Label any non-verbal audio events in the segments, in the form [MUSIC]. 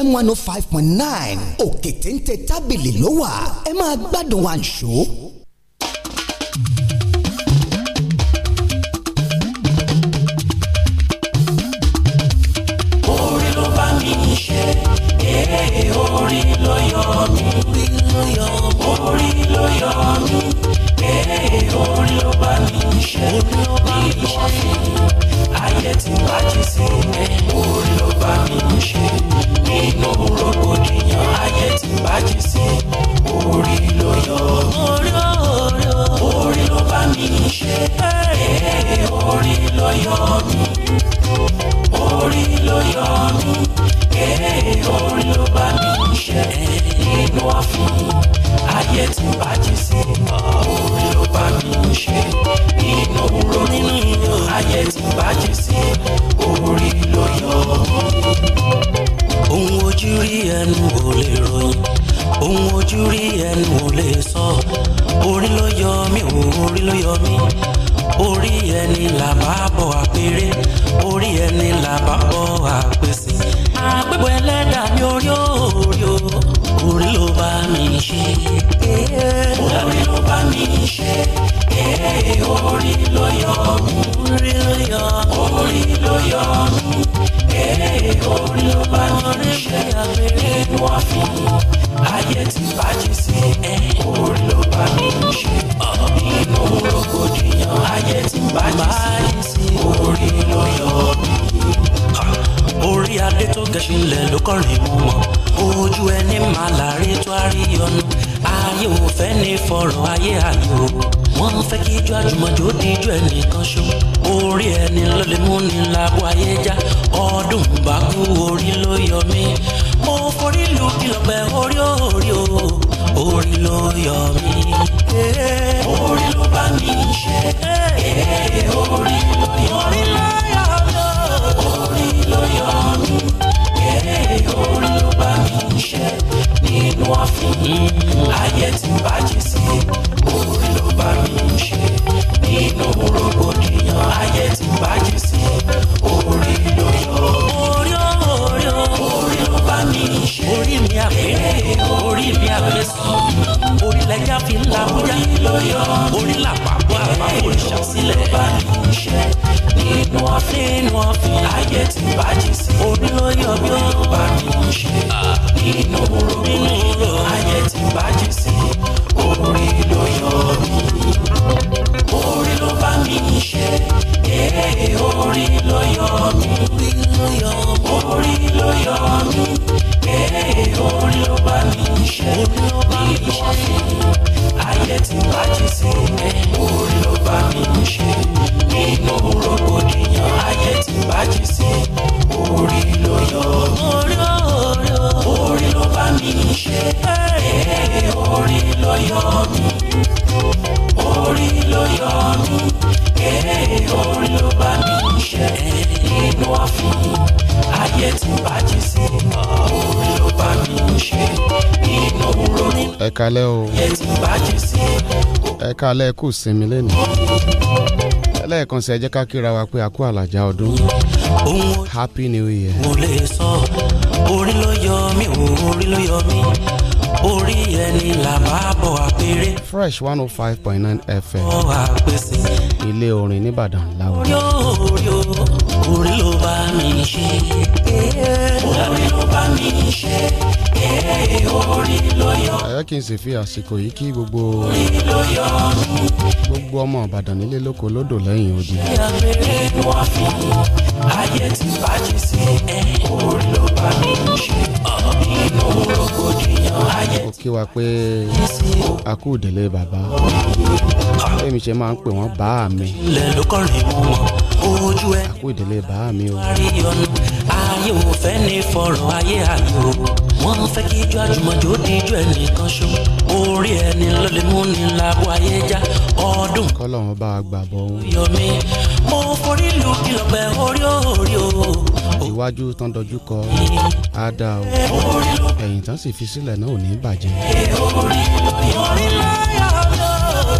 fm one oh five point nine òkè téńté tábìlì ló wà ẹ máa gbádùn àǹṣó. fún ayé tí bàjẹ́ sí ẹ orí ló bá mi ṣe nínú rògbòdìyàn ayé tí bàjẹ́ sí orí ló yọ mí. orí adé tó gẹṣin lẹ ló kọrin mú wọn ojú ẹni máa láre tó a rí ọnu ayé ò fẹ́ ní fọ̀rọ̀ ayé ayò wọ́n fẹ́ kí ijó àjùmọ̀jó díjú ẹnìkan ṣó orí ẹni ló lè lágbo ayé já ọdún bá kú orí ló yọ mí nílùú kìlọ̀pẹ̀ orí orí o orí ló yọ mí. orí ló bá mi ṣe orí ló yọ mí. orí ló yọ mí. orí ló bá mi ṣe nínú ọ̀fìn ayé tí bàjẹ́ sí orí ló bá mi ṣe nínú rògbòdìyàn ayé tí bàjẹ́ sí. orílẹ̀ yá fi ń la bóyá orí làpapọ̀ àpapọ̀ ìṣàsílẹ̀ bá ní iṣẹ́ nínú ọ̀fìn nínú ọ̀fìn ayé ti bàjẹ́ sí orí ló yọ bí ó bá ní iṣẹ́ nínú orogún ayé ti bàjẹ́ sí orí ló yọ mí orí ló bá mi ṣe. Ee, orí ló yọ mí. Orí ló yọ mí. Ee, orí ló bá mi ṣe. Bí wọ́n fi ayé tí bájú sí mi. Orí ló bá mi ṣe. Nínú rògbòdìyàn ayé tí bájú sí. Orí ló yọ mí. Orí ló bá mi ṣe. Ee, orí ló yọ mí. Orí ló yọ mí. Ee. kalẹ́ o ẹ kalẹ́ kù sinmi lẹ́nu lẹ́ẹ̀kan sí ká kíra wa pé a kú àlàjá ọdún happy new year. orí ẹni là máa bọ̀ àpèrè. fresh one oh five point nine fm ilé orin nìbàdàn làwọn. orí orí orí ló bá mi ṣe orí ló bá mi ṣe àyà kí n sì fi àsìkò yìí kí gbogbo gbogbo ọmọ Ìbàdàn nílé lóko lódò lẹ́yìn odi. ayé ti bàjẹ́ sí ẹ̀ orí ló bá mi ṣe nínú rògbòdìyàn ayé. ó kí wa pé a kú ìdílé bàbá ṣe máa ń pè wọ́n bá mi. ilẹ̀ ló mi o ayé ò fẹ́ ní fọ̀rọ̀ ayé ayé wọ́n fẹ́ kí ijó àjùmọ̀jó di ijó ẹnìkan ṣó orí ẹni ló mú ni labo ayé já ọdún. kọ́lọ́run bá a gbà bọ́ wọn. yomi mo forí lu kìlọ̀pẹ̀ orí orí o. iwájú tán dojú kọ á o ẹ̀yìn tán sì fi sílẹ̀ náà ò ní bàjẹ́. orí lórí lóyọ̀ mi orí lóyọ̀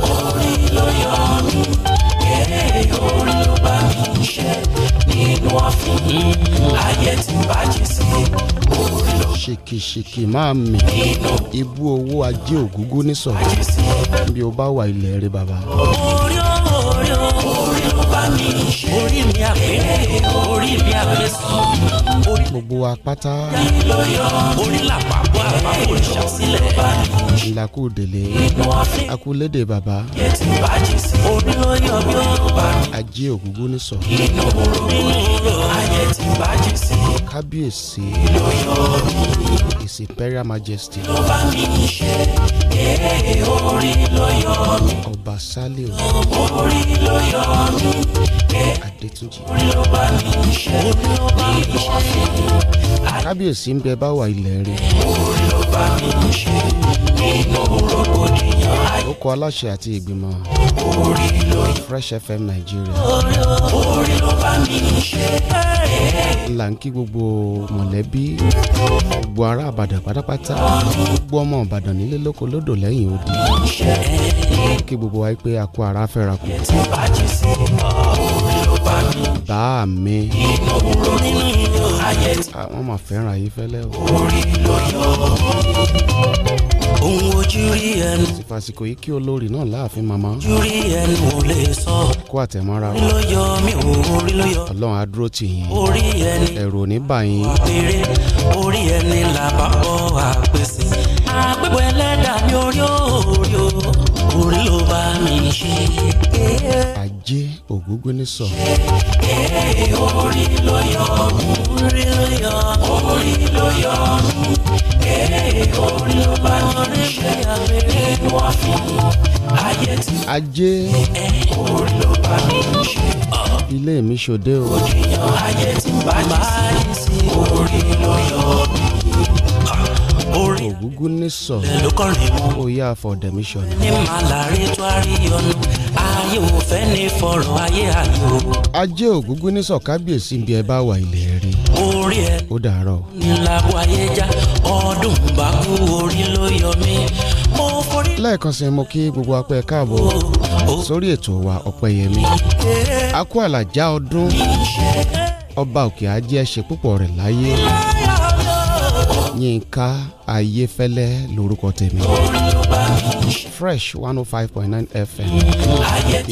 mi orí lóyọ̀ ṣe nínú ọ̀fìn ayé tí ń bàjẹ́ sí orí lọ. ṣèkìṣèkì máa mì ibú owó ajé ògúngú nísọ̀rọ̀ bí o bá wà ilẹ̀ rẹ bàbá. orí orí orí ló bá mi ṣe orí mi àpè orí mi àpè sọ. gbogbo wa pátá. orí làpapọ̀ ṣàn sílẹ̀ bá mi fún ṣe. ńlá kú ajé ògúngún ní sọ. inú oró nínú ayẹ ti bájì sí. kábíyèsí ìsìpẹ́rà majesty. ló bá mi ṣe ee orí ló yọ mí. ọba sálẹ̀ o. orí ló yọ mí. adétúnjì. orí ló bá mi ṣe inú ọ̀fìn. kábíyèsí ń bẹ báwa ilẹ̀ rẹ̀. orí bá aláṣẹ àti ìgbìmọ̀ Fresh FM Nigeria. là ń kí gbogbo mọ̀lẹ́bí gbogbo ará àbàdàn pátápátá gbogbo ọmọ ìbàdàn nílé lóko lódò lẹ́yìn odi kí gbogbo wa pé a kó ara fẹ́ra kù. bá a mi ayé tí. Ah, àwọn máa fẹ́ràn ayé fẹ́lẹ́ o. orí ló yọ ohun ojú rí ẹnu. sífàsìkò yìí kí olórí náà láàfin màmá. ojú rí ẹnu ò lè sọ. kó àtẹ̀mọ́ra o. orí ló yọ mí o orí ló yọ. ọlọ́run á dúró tì yín. orí ẹni. ẹ̀rù ní bà yín. orí ẹni làbàbọ̀ àpèsè. àpèpọ̀ ẹlẹ́dàá ni orí òòrè bá mi ṣe. ajé ògúngúnnísọ. ṣé orí ló yọ ọ̀hún rí ló yọ orí ló yọ ọ̀hún orí ló bá mi ṣe nínú ọ̀fun ayé ti. ajé orí ló bá mi ṣe. ilé mi ṣòde o. òjìyàn ayé ti bá jì sí orí ló yọ ọ̀hún ògúngún ní sọ ó yá àfọ̀dẹ̀mí sọ̀nà. ní màlárí tó a rí ọ̀nà ajé ògúngún ní sọ kábíyèsí bí ẹ bá wà ilẹ̀ rí ó dàárọ̀. lẹ́ẹ̀kan sí mo kí gbogbo apẹ́ káàbọ̀ oh, oh. sórí ètò wa ọpẹ́yẹmí akú àlàjá ọdún ọba òkè ajé ẹ ṣe púpọ̀ rẹ̀ láyé. yínká ayéfẹ́lẹ́ lorúkọ tèmi fresh one oh five point nine fm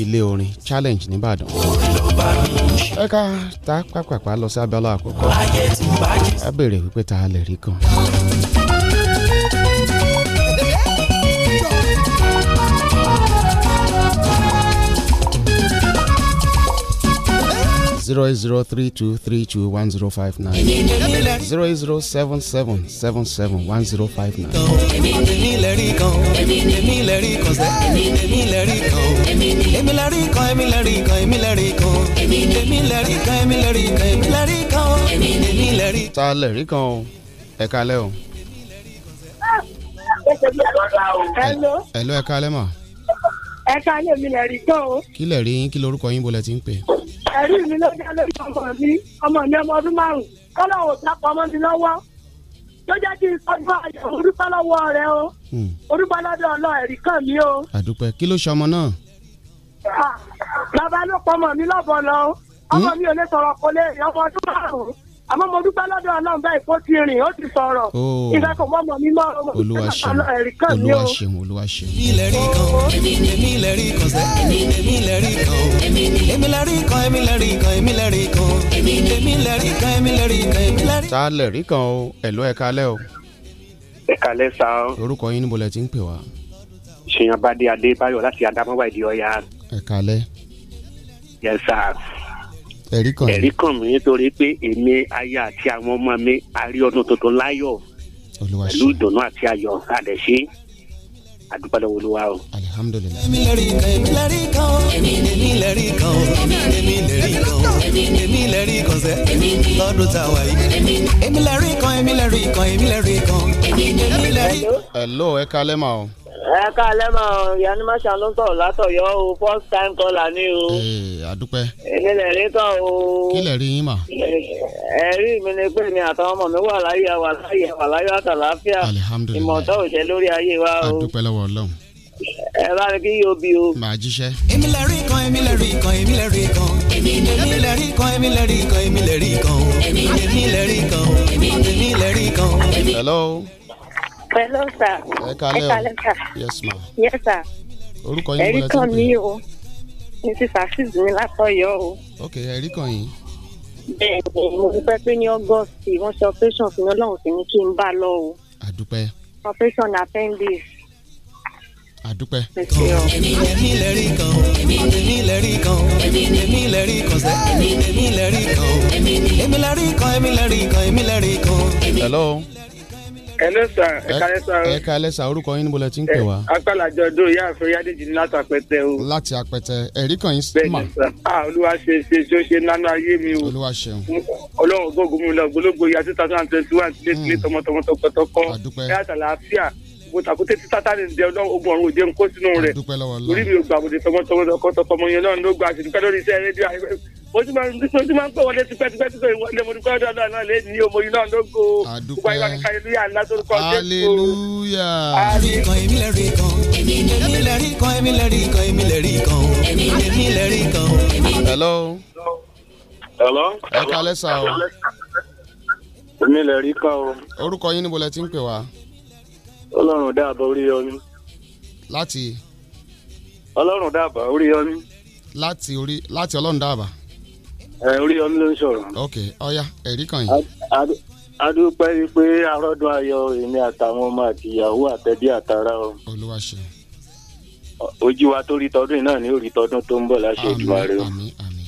ilé orin challenge nìbàdàn ẹ̀ka ta pàpàpà lọ sí abala àkọ́kọ́ ẹ béèrè wípé ta lè rí kan. zero eight zero three two three two one zero five nine zero eight zero seven seven seven seven one zero five nine. èmi lè rí kan èmi lè rí kan sẹ́ èmi lè rí kan èmi lè rí kan èmi lè rí kan èmi lè rí kan èmi lè rí kan èmi lè rí kan èmi lè rí kan èmi lè rí. ta lè rí kan o ẹ kalẹ o. ẹ lọ ẹ kalẹ mà. ẹ kalẹ mi lè rí kan o. kí lè rí yín kí lorúkọ yín bó lẹ ti ń pè é ẹ̀rí mi ló jẹ́ lórí ọmọ mi ọmọ mi ọmọ ọdún márùn-ún kọ́lọ̀ ò ta pamọ́ mi lọ́wọ́ tó jẹ́ kí n sọ́jú ayọ̀ orúkọ lọ́wọ́ rẹ o hmm. orúkọ lọ́dọ̀ ọlọ́ ẹ̀rí kàn mí o. àdùpẹ́ kí ló ṣe ọmọ náà. Ah, bàbá ló pọmọ mi lọ́bọ̀ lọ ọmọ hmm? mi ò lè sọ̀rọ̀ kọ́lé ọmọ ọdún márùn-ún àmọ́ mo dúpẹ́ lọ́dọ̀ ọlọ́run báyìí kó ti rìn ó ti sọ̀rọ̀ ìgbà kan mọ́ mọ́ mi mọ́ ọmọ mi sọ́dọ̀ ẹ̀rí kan ní o. olúwa ṣeun olúwa ṣeun. èmi lè rí kan èmi lè rí kan sẹ́ èmi lè rí kan èmi lè rí kan èmi lè rí kan èmi lè rí kan èmi lè rí kan èmi lè rí kan èmi lè rí kan. ta lè rí kan o ẹ̀lọ́ ẹ̀ka alẹ́ o. ẹ̀ka alẹ́ sa o. orúkọ yín níbo lẹ ti ń pè wá. ṣèyàn bá dé adébáyọ̀ láti adámọ́wá ìdí ọ̀yà. ẹ̀ka alẹ́. yẹ sáà ẹ̀rí kàn ẹ̀rí kàn mí nítorí pé èmi aya àti àwọn ọmọ mi a ọdún tuntun láyọ̀ pẹ̀lú ìdùnnú àti ayọ̀ àdẹ̀ṣe àdúpàdé olúwa o. alihamudulilayi. èmi lè rí kan èmi lè rí kan èmi lè rí kan èmi lè rí kan èmi lè rí kan sẹ́ lọ́dún tá a wà yìí. èmi lè rí kan èmi lè rí kan èmi lè rí kan èmi lè rí kan. hello ẹ kalẹ́ o ẹ ká lẹ́mọ̀ yanimasa ló ń tọ̀ látọ̀yọ́ o first time caller ni o. ee eh, adúpẹ́. ìkìlẹ̀ rí tọ̀ o. kílẹ̀ rí yín mà. ẹ̀rí mi ni pé mi àtàwọn ọmọ mi wà láyé wà láyé wà láyé àtàláfíà. alihamudulilayi ìmọ̀tọ́ òṣè lórí ayé wa o. adúpẹ́ lọ́wọ́ ọlọ́run. ẹ bá mi kí yóò bí o. màá jíṣẹ́. èmi lè rí kan èmi lè rí kan èmi lè rí kan. èmi lè rí kan èmi lè rí kan èmi lè rí kan. èmi lè rí kan èmi lè rí kan. hello hello sir. ẹ kalẹ o yes ma. yes sir. orúkọ yín wọlé tó ń pè é. ẹ̀rí kan mi o mi ti fàṣìz mi látọ̀yọ́ o. ok ẹ̀rí kan yín. bẹ́ẹ̀ni mo ti pé ní august wọ́n ṣe operation fún mi ọlọ́run sì ní kí n bá lọ o. àdúpẹ́. operation appendix àdúpẹ́. èmi èmi kan èmi lè kan èmi lè kan sẹ́ èmi lè kan èmi lè kan èmi lè kan èmi lè kan. hello hello sir ẹ kálẹ́ sir. ẹ kálẹ́ sir orúkọ yín níbo lẹ ti ń pè wá. apálàjọ ọdún ìyá àfẹ yádéjì ní láti àpẹtẹ o. láti àpẹtẹ ẹ̀rí kan yín sí mà. a olúwa ṣe ṣe ṣe ṣe nánà ayé mi o. olúwa ṣeun. ọlọ́run ògbógun mi lọ gbólógbó ya two thousand and twenty one tilé hmm. tilé tọmọtọmọ tọkọtọkọ. àdúpẹ́ ẹ àtàlàáfíà bùtàkùtẹ tí sátani ń jẹ ogun ọrùn òde ń sínú rẹ orí mi ò gbàgbọdẹ tọmọtọmọ tọkọtọkọ mọ mo ti máa mo ti hello. hello. ẹ kalẹ́ sá o. èmi lè rí kan o. orúkọ yín níbo lẹ ti ń pè wá. ọlọ́run dáàbò orí yọmí. láti. ọlọ́run dáàbò orí yọmí. láti orí láti ọlọ́run dáàbò ẹ orí ọmọ ló ń sọ̀rọ̀. ok ọya ẹ̀rí kan yìí. adúpẹ́ yìí pé arọ́dún ayọ̀ èmi àtàwọn ọmọ àti ìyàwó àtẹ̀bí àtàrà o. olúwa ṣe. ojú wa tó rí tọdún náà ni ó tọdún tó ń bọ̀ láṣẹ ìdúrà rẹ o. àmín àmín.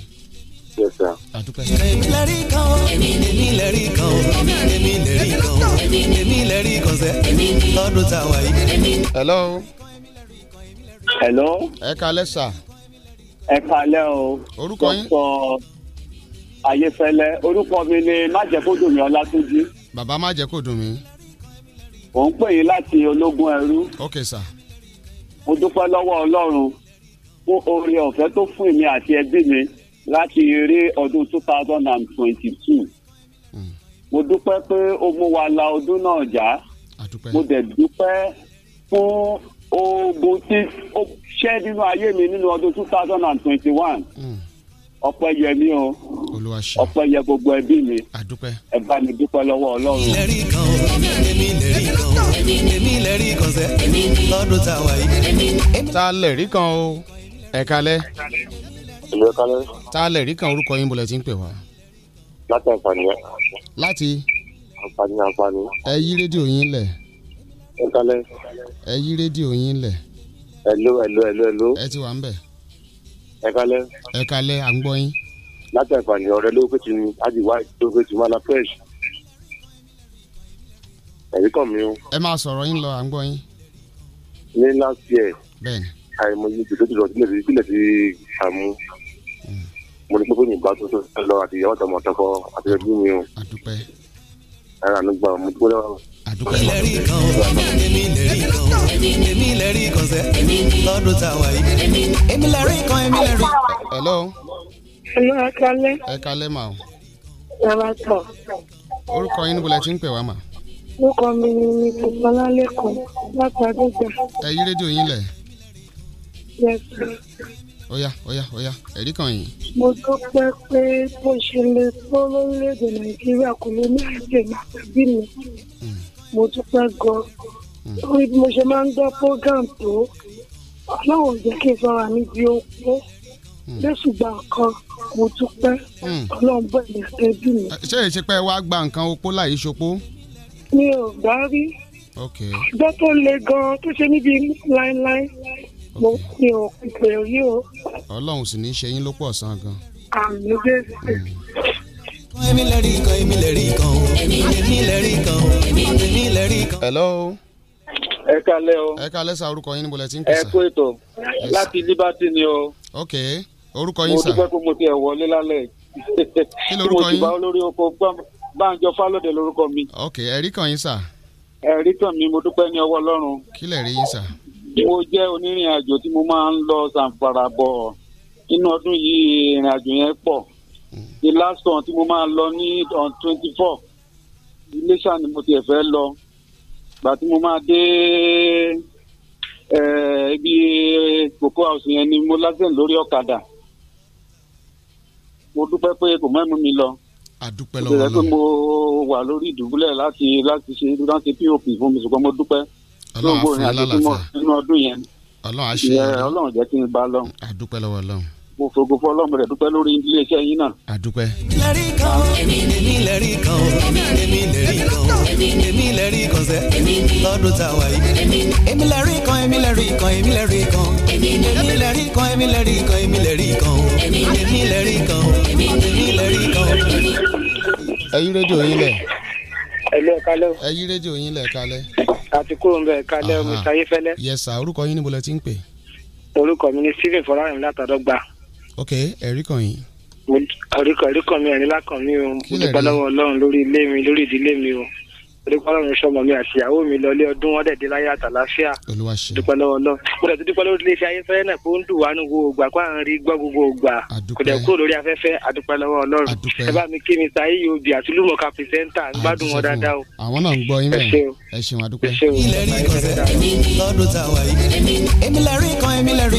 yẹsà. adúpẹ́. èmi lè kan o èmi lè kan o èmi lè kan o èmi lè kan sẹ́ lọ́dún tá a wà yìí. hello. hello. ẹ kalẹ́ sà. ẹ kalẹ́ o. orúkọ yín. dókítà Ayéfẹ́lẹ́ orúkọ mi ni májẹ̀kódùnmí Ọlátúnjí. bàbá májẹ̀kódùnmí. ò ń pè yín láti ológun ẹrú. ok sir. mo dúpẹ́ lọ́wọ́ Ọlọ́run fún oore ọ̀fẹ́ tó fún èmi àti ẹbí mi láti eré ọdún two thousand and twenty-two. Hmm. mo dúpẹ́ pé o mú wa la ọdún náà já. mo dẹ̀ dúpẹ́ fún oògùn tí ó ṣẹ́ nínú ayé mi nínú ọdún two thousand and twenty-one. Hmm ọpẹ́ yẹ mí o ọpẹ́ yẹ gbogbo ẹbí mi ẹ bá mi dúpẹ́ lọ́wọ́ Ọlọ́run. èmi lẹ́rìí kan èmi lẹ́rìí kan èmi lẹ́rìí kan sẹ́ lọ́dún tá a wà yìí. ta lẹ́rìí kan o ẹ kalẹ́. ìlú ẹ kalẹ́. ta lẹ́rìí kan orúkọ yín bọ̀lẹ̀ tí ń pè wá. láti àǹfààní ẹ. láti. àǹfààní àǹfààní. ẹ yí rédíò yín lẹ̀. ẹ kalẹ́. ẹ yí rédíò yín lẹ̀. ẹ̀lú ẹ̀lú ẹ̀lú ẹ̀lú. ẹ ti wà ń bẹ̀. ẹ kalẹ́. ẹ kalẹ́ à ń gbọ́ yín. láti ọ̀rẹ́ lókèjì ni àdìwá lókèjì máa o. ẹ máa sọ̀rọ̀ yín lọ à ń yín. ní last year. bẹ́ẹ̀ni. àìmọye ti sílẹ̀ sí àmú. Hmm. mo ní pé kó yìnbọn tó ara ló gba ọmọ tó lọ́wọ́. Ẹlẹ́rìí kan èmi lẹ́rìí kan èmi lẹ́rìí kan sẹ́ lọ́dún tá a wà yìí èmi lẹ́rìí kan èmi lẹ́rìí. Hello. Hello ẹ kalẹ́. Ẹ kalẹ́ mà o. Yàrá tọ̀. Orúkọ yín níbo la ti ń pè wá mà? Orúkọ mi ni mi kò fọlá lẹ́kọ̀ọ́ láti Adéjà. Ẹ yí rédíò yín lẹ̀. Yes sir ọ̀yá ọ̀yá ọ̀yá ẹ̀rí kan yìí. mo dúpẹ́ pé bó ṣe lè tó lórílẹ̀‐èdè nàìjíríà kò lè ní àjẹ́ máa bí mi hmm. mo dúpẹ́ gan-an hmm. bí mo ṣe máa ń gbọ́ program tó ọlọ́run jẹ́ kí n fara mi di opó hmm. lẹ́sù gba nǹkan mo dúpẹ́ ọlọ́run bọ̀ ní ẹbí mi. ṣé èsì pé wàá gba nǹkan opó láì ṣopó. mi ò gbá rí. ọjọ́ tó le gan-an tó ṣe níbi láéláé mo kí o pípé orí o. ọlọ́run sì ní í ṣe yín ló pọ̀ sàn gan. àmì jésù. èmi lè rí kan èmi lè rí kan èmi lè rí kan èmi lè rí kan. hello. ẹ kalẹ o. ẹ kalẹ sa orúkọ yín níbo lẹ ti ń pèsè. ẹ kó ètò láti liberty ni o. ok orúkọ yín sà. mo dúpẹ́ pé mo ti ẹ̀ wọlé lálẹ́ kí lorúkọ yín. tí mo ti bá olórí oko gbàǹjọ fálódé lórúkọ mi. ok ẹ̀rí kan yín sà. ẹ̀rí kan mi mo dúpẹ́ ní ọwọ́ ọlọ́run. kí lè rí yín sà mo jẹ́ onírìn àjò tí mo máa ń lọ sàǹfàrà bọ̀ inú ọdún yìí ìrìn àjò yẹn pọ̀ the last one tí mo máa lọ ní on twenty four iléṣà ni mo tiẹ̀ fẹ́ lọ gbà tí mo máa dé ibi kòkó house yẹn ni mo lásìkò lórí ọ̀kadà mo dúpẹ́ pé kò mẹ́mu mi lọ àdúpẹ́ lọ́wọ́ náà mo wà lórí ìdùbúlẹ̀ láti láti ṣe láti pop fún mi ṣùgbọ́n mo dúpẹ́ ọlọ́run àfún alálàáfíà nínú ọdún yẹn ọlọ́run àṣẹ ọlọ́run jẹ́ kí n bá lọ́run. àdúpẹ́ lọ́wọ́ ọlọ́run. mo fògo fún ọlọ́run rẹ̀ dúpẹ́ lórí iléeṣẹ́ yín náà. àdúpẹ́. lẹ́rí kan èmi lẹ́rí kan èmi lẹ́rí kan èmi lẹ́rí kan sẹ́ lọ́dún tá a wà yìí. èmi lẹ́rí kan èmi lẹ́rí kan èmi lẹ́rí kan èmi lẹ́rí kan èmi lẹ́rí kan èmi lẹ́rí kan èmi lẹ́rí kan èmi lẹ́rí kan. ẹ yí rédíò yín lẹ̀. ẹ yí rédíò yín lẹ̀ kalẹ̀ àti kúrò ń bẹ̀ kálẹ̀ omi sayéfẹ́lẹ́. yes sir orúkọ yín níbo lẹ ti ń pè. orúkọ mi ni stephen fọlárin látàdọ́gba. ok ẹ̀rí kan yìí. ẹ̀rí kan mi ẹ̀rí lákàn mi o mo dúpẹ́ lọ́wọ́ ọlọ́run lórí ilé mi lórí ìdílé mi o olùkọ́lọ́ mi sọmọ mi àti ìyàwó mi lọlé ọdún wọn dẹ̀dẹ̀ láyé àtàláfíà dúpẹ́ lọ́wọ́ lọ mo dẹ̀ dúpẹ́ lórí iléeṣẹ́ ayéfẹ́rẹ́ náà pé ń dùn wá ní ògbà kó à rí gbọ́ gbogbo ògbà kò dẹ̀ kúrò lórí afẹ́fẹ́ àdúpẹ́ lọ́wọ́ ọlọ́run ẹ bá mi kí mi ta iye obì àti lúmọ̀ọ́ká pìrìsẹ́ńtà ń gbádùn wọn dáadáa o. àwọn náà ń gbọ́ ẹ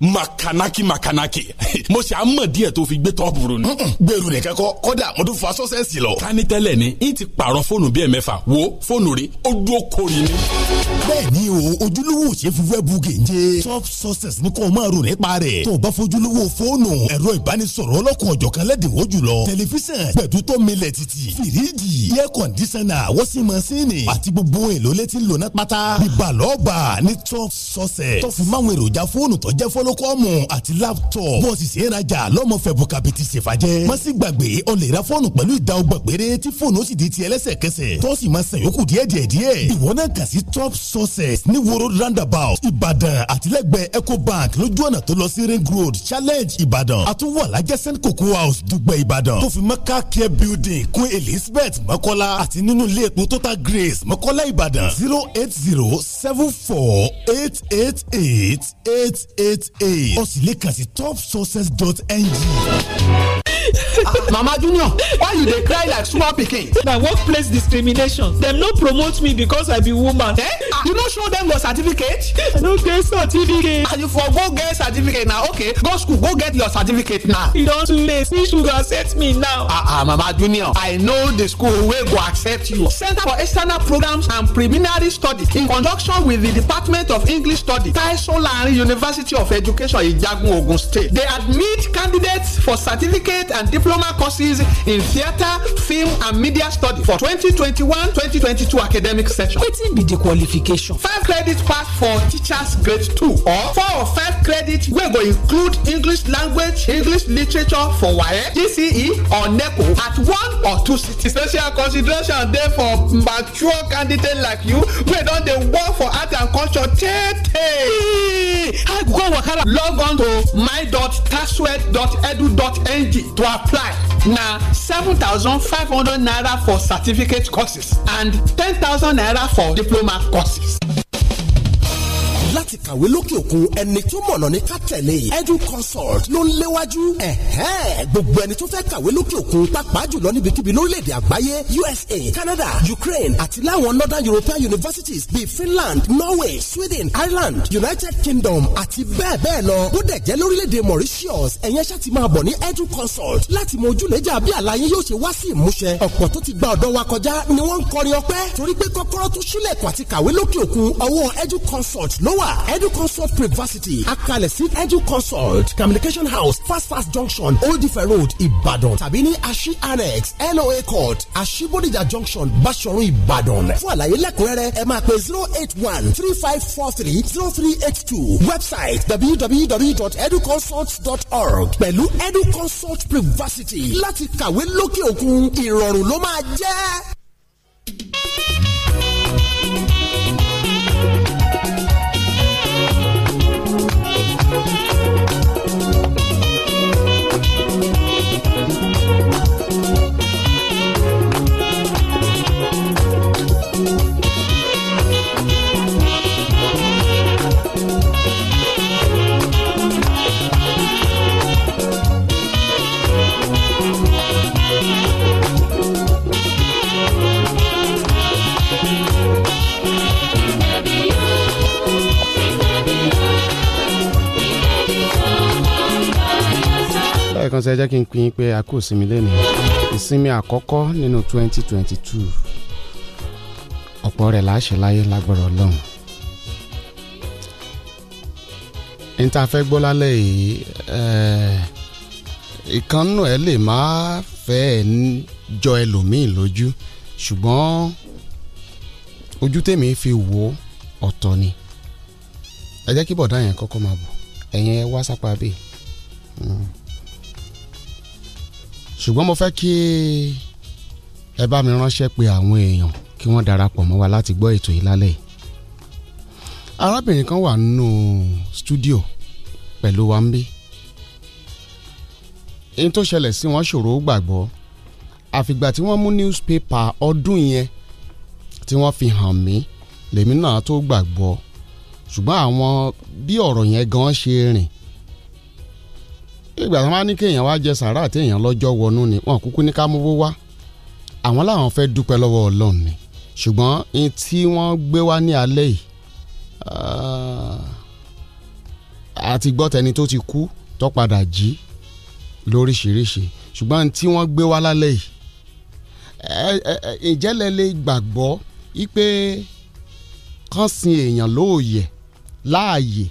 makanaki makanaki [LAUGHS] mo ṣe àmọ̀ díẹ̀ tó fi gbé tọ́pù rò ní. gbèrú nìkan kọ kọ́dà mo tún fa sọ́sẹ̀sì lọ. kání tẹ́lẹ̀ ni n ti pààrọ̀ fóònù bíi ẹ̀mẹ́fà wo fóònù rí ó dúró kori ni. bẹ́ẹ̀ni o ojúlówó ṣe fífẹ́ bu gèje top success ní kò máa rò nípa rẹ̀ tó o bá fojúlówó fóònù ẹ̀rọ ìbánisọ̀rọ̀ ọlọ́kùn ọ̀jọ̀kan lẹ́dínwó jùlọ tẹlifíṣàn gbẹ̀dútọ́ milẹ̀ títì fìríjì iye kọ̀ndísánà wọ́sí masínì àti gbogbo èlò létí lónà pátá bíbalọ́ọ̀bà ní top success tó fi máwọn èròjà fóònù tó jẹ́ fọ́lọ́ kọ́lọ́kọ́mù àti laptop bọ́ọ̀sì sì rajà lọ́mọ fẹ̀bù kàbìtì ṣèfàjẹ́ má sì gbàgbé o lè ra fóònù pẹ̀lú ìdá ọgbà péré tí fóònù ó sì di ti ẹlẹ́sẹ̀kẹsẹ̀ tó sì máa san yòókù díẹ̀ díẹ̀ díẹ̀ ìwọ náà kà sí top sources ní woro roundabout ìbàdàn àtìlẹ́gbẹ̀ẹ́ ecobank lójú ọ̀nà tó lọ sí ring road challenge ìbàdàn àtúwọ̀ alájẹ́ send cocoa house dùgbẹ̀ ìbàdàn tó fi mẹ́ka care building kún elizabeth mọ́kọ́lá àti nínú ilé epo total grace mọ́kọ́lá ìbàdàn zero eight zero seven four eight eight eight eight eight aid o sì lè kàn sí topsources.ng. Ah, mama junior why you dey cry like small pikin na workplace discrimination dem no promote me because i be woman eh ah, you no show dem your certificate i no get certificate and ah, you for go get certificate na okay go school go get your certificate now e don too late which school go accept me now ah ah mama junior i know the school wey go accept you center for external programs and preliminary studies in conjunction with the department of english studies taiso larin university of education ijagun ogun state dey admit candidates for certificate and diploma courses in theatre film and media study for 2021-2022 academic session. wetin be di qualification? five credit pass for teachers grade two or four or five credit wey go include english language english literature for waye gce or neco at one or two cities. special consideration dey for mature candidates like you wey don dey work for art and culture tey tey. i go wakala log on to my.tasweb.edu.ng to apply na seven thousand five hundred naira for certificate courses and ten thousand naira for diploma courses láti kàwé lókè òkun ẹni tó mọ̀nà ní ká tẹ̀lé edu consult ló ń léwájú ẹ̀hẹ́n gbogbo ẹni tó fẹ́ kàwé lókè òkun pàápàá jùlọ níbikíbi lórílẹ̀‐èdè àgbáyé USA Canada Ukraine àti láwọn northern European universities bíi Finland Norway Sweden Ireland United Kingdom àti bẹ́ẹ̀ bẹ́ẹ̀ lọ bó dẹ̀ jẹ́ lórílẹ̀‐èdè Mauritius ẹ̀yẹn ṣá ti máa bọ̀ ní edu consult láti mọ ojúlẹ̀jà bí àlàyé yóò ṣe wá sí ìmúṣẹ ọ̀pọ̀ tó ti gba ọ̀dọ́ wa kọjá ni wọ́n ń kọrin ọpẹ́ torí pé kọ́kọ́rọ́ tó ṣílẹ̀kùn àti kàwé lókè òkun ọwọ́ edu consult ló wà Educonsult Privacy Akalẹ̀ sí Educonsult Communication House Fast Fast Junction Old Ife Road Ìbàdàn tàbí ní Ashi Annex LOA Court Ashibodija Junction Bashorun Ìbàdàn. Fún àlàyé lẹ́kùnrẹ́rẹ́ ẹ máa pè zero eight one three five four three zero three eight two website www.educonsult.org pẹ̀lú Educonsult Privacy láti kàwé lókè òkun ìrọ̀rùn ló máa jẹ́. náà ṣe jẹ́ kí n pin pé a kò sinmi lẹ́nu ìsinmi àkọ́kọ́ nínú 2022 ọ̀pọ̀ rẹ̀ láṣẹ láyé lágbára ọlọ́run n ta fẹ́ gbọ́ lálẹ́ yìí eh, ìkànnù ẹ lè má fẹ́ jọ ẹlòmíì lójú ṣùgbọ́n ojú tèmi fi wò ọ̀tọ̀ ni ẹ jẹ́ kí bọ̀dá yẹn kọ́kọ́ máa bọ̀ ẹ̀yin ẹ wá sápá bẹ́ẹ̀ ṣùgbọ́n mo fẹ́ kí ẹ bá mi ránṣẹ́ pé àwọn èèyàn kí wọ́n darapọ̀ mọ́ wa láti gbọ́ ètò yìí lálẹ́ yìí arábìnrin kan wà nínú stúdíò pẹ̀lú wa ń bí èyí tó ṣẹlẹ̀ sí wọn ṣòro gbàgbọ́ àfìgbà tí wọ́n mú newspaper ọdún yẹn tí wọ́n fi hàn mí lèmi náà tó gbàgbọ́ ṣùgbọ́n àwọn bí ọ̀rọ̀ yẹn gan ṣe rìn ìgbà tí wọ́n á ní kéèyàn wá jẹ sàrà àti èèyàn lọ́jọ́ wọnú ni wọn kúkú ní ká mówó wá àwọn làwọn fẹ́ dúpẹ́ lọ́wọ́ ọlọ́run ni ṣùgbọ́n ní tí wọ́n gbé wá ní alẹ́ yìí àti ah, gbọ́ tẹni tó ti kú tó padà jí lóríṣiríṣi ṣùgbọ́n tí wọ́n gbé wá lálẹ́ yìí ìjẹ́lẹ̀ eh, eh, eh, lè gbàgbọ́ wípé kán sin èèyàn lóòyẹ̀ láàyè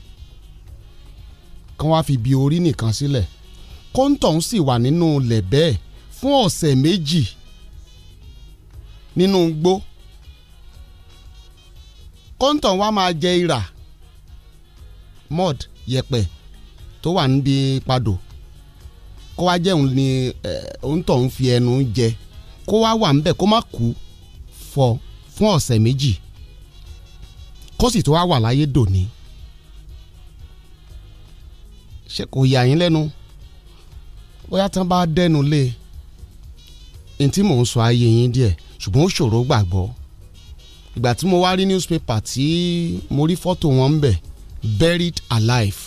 kán wá fi bi orí nìkan sílẹ̀ kóńtọ̀hún sì wà nínú ilẹ̀ bẹ́ẹ̀ fún ọ̀sẹ̀ méjì nínú igbó kóńtọ̀hún wa máa jẹ ìrà mud yẹ̀pẹ̀ tó wà níbi padò kó wá jẹun ni òǹtọ̀hún fi ẹnu jẹ kó wá wà ńbẹ̀ kó má kú fọ fún ọ̀sẹ̀ méjì kó sì tó wá wà láyé dòní ṣé kò yà yín lẹ́nu. No? bóyá tán bá dẹnu lé e tí mò ń sọ ayé yín díẹ̀ ṣùgbọ́n ó ṣòro gbàgbọ́ ìgbà tí mo wá rí newspaper tí mo rí fọ́tò wọn bẹ̀ buried alive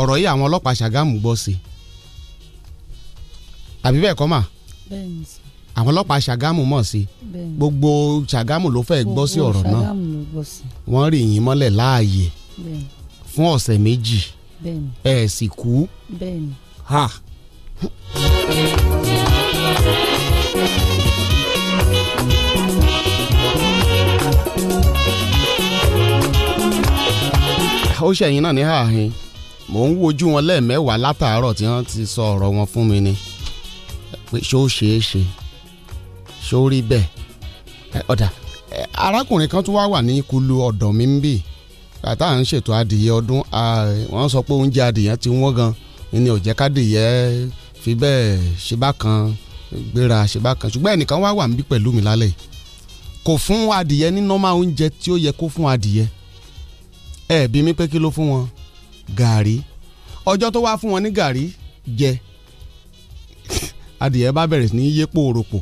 ọ̀rọ̀ yìí àwọn ọlọ́pàá Ṣàgámù gbọ́ sí àbí bẹ́ẹ̀ kọ́ mà àwọn ọlọ́pàá Ṣàgámù mọ̀ sí gbogbo Ṣàgámù ló fẹ́ gbọ́ sí ọ̀rọ̀ náà wọ́n rí yín mọ́lẹ̀ láàyè fún ọ̀sẹ̀ méjì ẹ̀ sì kú ha. ó ṣẹ̀yìn náà ní ààhin mò ń wojú wọn lẹ́ẹ̀mẹ́wàá látàárọ̀ tí wọ́n ti sọ ọ̀rọ̀ wọn fún mi ni pé ṣó ṣeé ṣe ṣó rí bẹ́ẹ̀ ọ̀dà arákùnrin kan tún wá wà ní ìkulù ọ̀dọ̀ mi ń bì kàtà ń ṣètò adìyẹ ọdún wọ́n sọ pé oúnjẹ adìyẹ ti wọ́n gan-an ni ò jẹ́ kádìyẹ fi bẹ́ẹ̀ ṣe bá kan gbéra ṣe bá kan ṣùgbọ́n ẹnìkan wá wà níbí pẹ̀lú mi lálẹ́ kò fún adìyẹ ní nọ́mà oúnjẹ tí ó yẹ kó fún adìyẹ ẹ bí mi pé kí ló fún wọn gàrí ọjọ́ tó wá fún wọn ní gàrí jẹ adìyẹ bá bẹ̀rẹ̀ ní yé pòròpò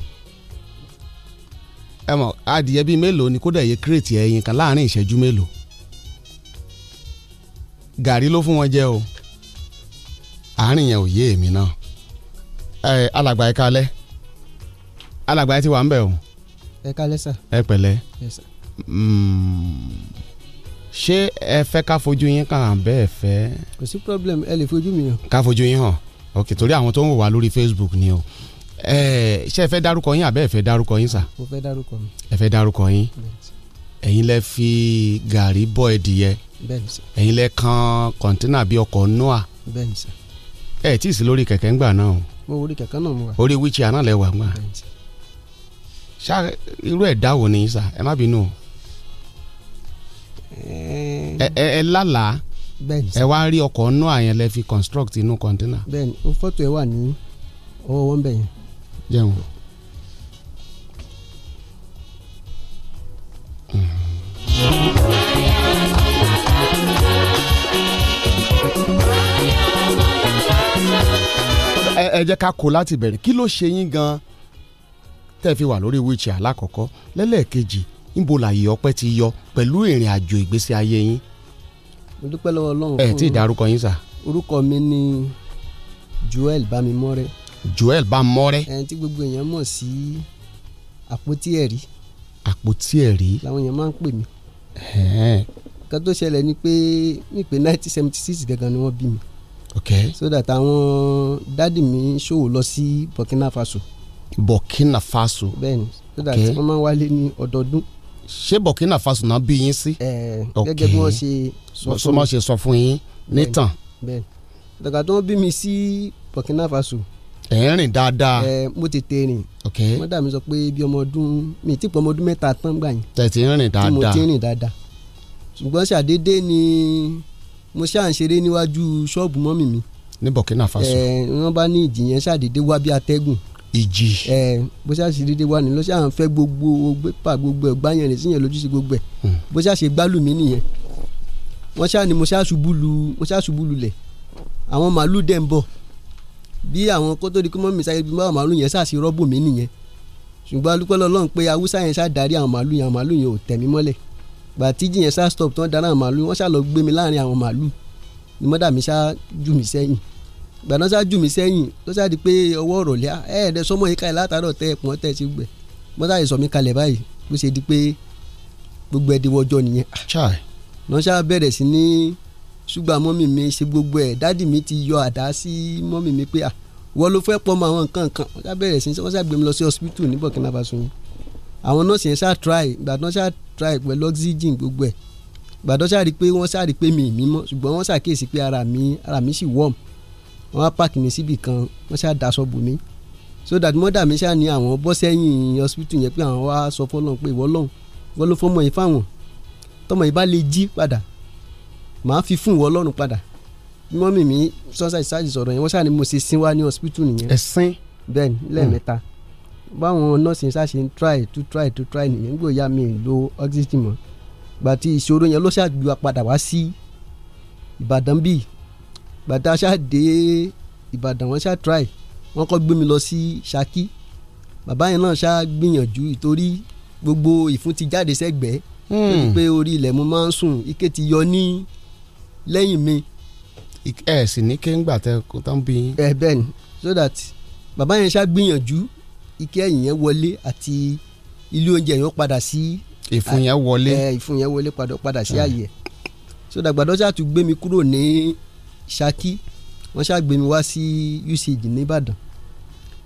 ẹ mọ̀ adìyẹ bíi mélòó ni kódà yẹ kírètì ẹyin kan láàrin ìṣẹ́jú mélòó gàrí ló fún wọn jẹ o àárín yẹn ò yé èmi náà ẹ alàgbà ẹ kalẹ alàgbà ẹ ti wà ń bẹ o. ẹ kalẹ sà. ẹ pẹ̀lẹ́. Hmm, ṣé ẹ fẹ́ ká fojú yín kàn án bẹ́ẹ̀ fẹ́. kò sí problem ẹ lè fojú mi hàn. ká fojú yín hàn ok torí àwọn tó ń wò wá lórí Facebook ni o ṣé ẹ fẹ́ dárúkọ yín àbẹ́ ẹ fẹ́ dárúkọ yín sà. mo fẹ́ dárúkọ mi. ẹ fẹ́ dárúkọ yín ẹ̀yin lẹ fi gàrí bọ́ ẹdìyẹ ẹ̀yin lẹ kan kọ̀ńténà bíi ọkọ̀ noah. bẹ́ẹ̀ ni sà ẹ tí ì sí lórí kẹ̀kẹ́ ńgbà náà o. mo orí kẹ̀kẹ́ náà mo wà. orí wíìchì àná lẹ wà ńgbà. ṣá irú ẹ̀ dáwọ́ ni sà ẹ má bínú o. ẹ ẹ lálàá ẹ wá rí ọkọ̀ náà yẹn lẹ fi construct inú kọ́ńténà. bẹ́ẹ̀ni o fọ́tò ẹ wà ní ọwọ́ wọn bẹ̀yẹn. jẹun. Mm-hmm. ẹ jẹ́ ká kó láti bẹ̀rẹ̀ kí ló ṣe yín gan-an tẹ́ fi wà lórí wíìchì alákọ̀ọ́kọ́ lẹ́lẹ́ẹ̀kejì níbo làyè ọpẹ́ ti yọ pẹ̀lú ìrìn àjò ìgbésí ayé yín. mo dúpẹ́ lọ́wọ́ ọlọ́run fún ẹ tí ì dárúkọ yín sà. orúkọ mi ni Joel Bámimọ́rẹ́. Joel Bámimọ́rẹ́. ẹni tí gbogbo èèyàn mọ̀ sí àpótí ẹ̀rí. àpótí ẹ̀rí. làwọn èèyàn máa ń pè mí. kan tó ṣẹlẹ̀ ni pé ní pé nineteen gangan ni wọ́n bí mi okay. so that àwọn dádì mi ṣòwò lọ sí Burkina Faso. Burkina Faso. bẹ́ẹ̀ni so that wọ́n máa ń wálé ní ọdọọdún. ṣé Burkina Faso náà bí yín sí. ẹ gẹ́gẹ́ bí wọ́n ṣe sọ fún mi. sọmọ ṣe sọ fún yín nítàn. bẹ́ẹ̀ni dàgbà tó ń bí mi sí Burkina Faso. ẹ ń rìn dáadáa. ẹ mo tètè rìn. wọ́n dà mí sọ pé bí ọmọ ọdún mi ti pọ̀ ọmọ ọdún mẹ́ta tán gbà yín. tẹ̀sí ń rìn dáadáa tí mo ti ń rìn dáadáa ṣùgbọ́n ṣàdédé ni mo ṣáà ń ṣeré níwájú ṣọ́ọ̀bù mọ́mì mi. ní Burkina Faso. ẹ wọn bá ní ìjì yẹn ṣàdédé wá bí atẹ́gùn. ìjì. ẹ bó ṣáà ṣe dédé wá ní lọ ṣáà ń fẹ́ gbogbo pa gbogbo ẹ̀ gbá yẹn rẹ̀ síyẹn lójú sí gbogbo ẹ̀ hmm. bó ṣáà ṣe gbálù mí nìyẹn wọ́n ṣáà ni mo ṣáà ṣubú lu mo ṣáà ṣubú lulẹ̀ àwọn màálù dẹ̀ ń bọ̀ bí àwọn kótó di kí mọ́mì sáyé bí báwọn màálù yẹn ṣáà ṣe rọ́bù mí nìyẹn ṣùgbọ́n alúpẹ́ lọ́lọ́run pé haúsá yẹn ṣáà darí àwọn màálù gbàtí jìyẹn sá stop tí wọ́n dáná màálù wọ́n ṣá lọ gbé mi láàrin àwọn màálù ni mọ́dà mi ṣá jù mí sẹ́yìn gbàdán ṣá jù mí sẹ́yìn ló ṣá di pé ọwọ́ ọ̀rọ̀lẹ́ ẹ̀ẹ́dẹ sọmọ yìí káyọ̀ látàárọ̀ tẹ ẹ̀pọ̀n tẹ̀ sí gbẹ̀ mọ́dà yìí sọ mi kalẹ̀ báyìí bó ṣe di pé gbogbo ẹ̀dínwọ́jọ́ nìyẹn. wọ́n ṣá bẹ̀rẹ̀ sí ní ṣùgbọ́n mọ́mì mi ṣe gbogbo ẹ̀ dádì mi ti yọ àdá sí mọ́mì mi pé à wọ́n ló fẹ́ pọ́ mọ́ àwọn nǹkan kan wọ́n ṣá bẹ̀rẹ̀ sí wọ́n ṣá gbé mi lọ sí hospital ní Burkina Faso yìí àwọn nọ́ọ̀sì yẹn ṣáà try gbàdán ṣáà try pẹ̀lú oxygen gbogbo ẹ̀ gbàdán ṣáà rí i pé wọ́n ṣáà rí i pé mi ì mímọ́ ṣùgbọ́n wọ́n ṣàkíyèsí pé ara mi ara mi sì warm wọ́n á pààkì mi síbì kan wọ́n ṣáà daṣọ bù mí so that mọ́dà mi ṣáà ní àwọn bọ́ sẹ́yìn hospital yẹn pé àwọn wá sọ fọ́lọ́n pé ìwọ́ lọ́hùn wọ́n ló fọ́mọ yìí fáwọn tọmọ yìí bá lè jí padà màá fi fún ìwọ́ lọ́rùn padà mọ́mì mi sọ́sà ìsáàjì sọ̀rọ̀ yẹn wọ́n ṣáà ní mo ṣe sin wá ní hospital nìyẹn. ẹ̀sìn bẹ́ẹ̀ ni lẹ́ẹ̀mẹ́ta báwọn nọ́ọ̀sì ń ṣàṣe ń try to try to try nìyẹn gbọ́dọ̀ ya mi lo oxygen mọ́ gbàtí ìṣòro yẹn ló ṣàgbé wa padà wá sí Ìbàdàn bíi gbàtà ṣàdé Ìbàdàn wọn ṣá try wọn kọ́ gbé mi lọ sí Ṣakí bàbá yẹn náà ṣá gbìyànjú ìtorí gbogbo ìfún ti jáde sẹ́gbẹ̀ẹ́ lórí hmm. pé orí ilẹ̀ mo máa ń sùn ike ti yọ ní lẹ́yìn mi. ẹ sì ní kéńgbà tẹ kó tán bí. ẹ bẹ́ẹ̀ ni so that bàbá yẹn ṣá gbìyànjú ike ẹ̀yìn yẹn wọlé àti ilé oúnjẹ yẹn padà sí. ìfun yẹn wọlé ẹ ìfun yẹn wọlé padà padà sí àyè so dàgbàdo ṣáà tún gbé mi kúrò ní Ṣakí wọ́n ṣáà gbé mi wá sí UCH nìbàdàn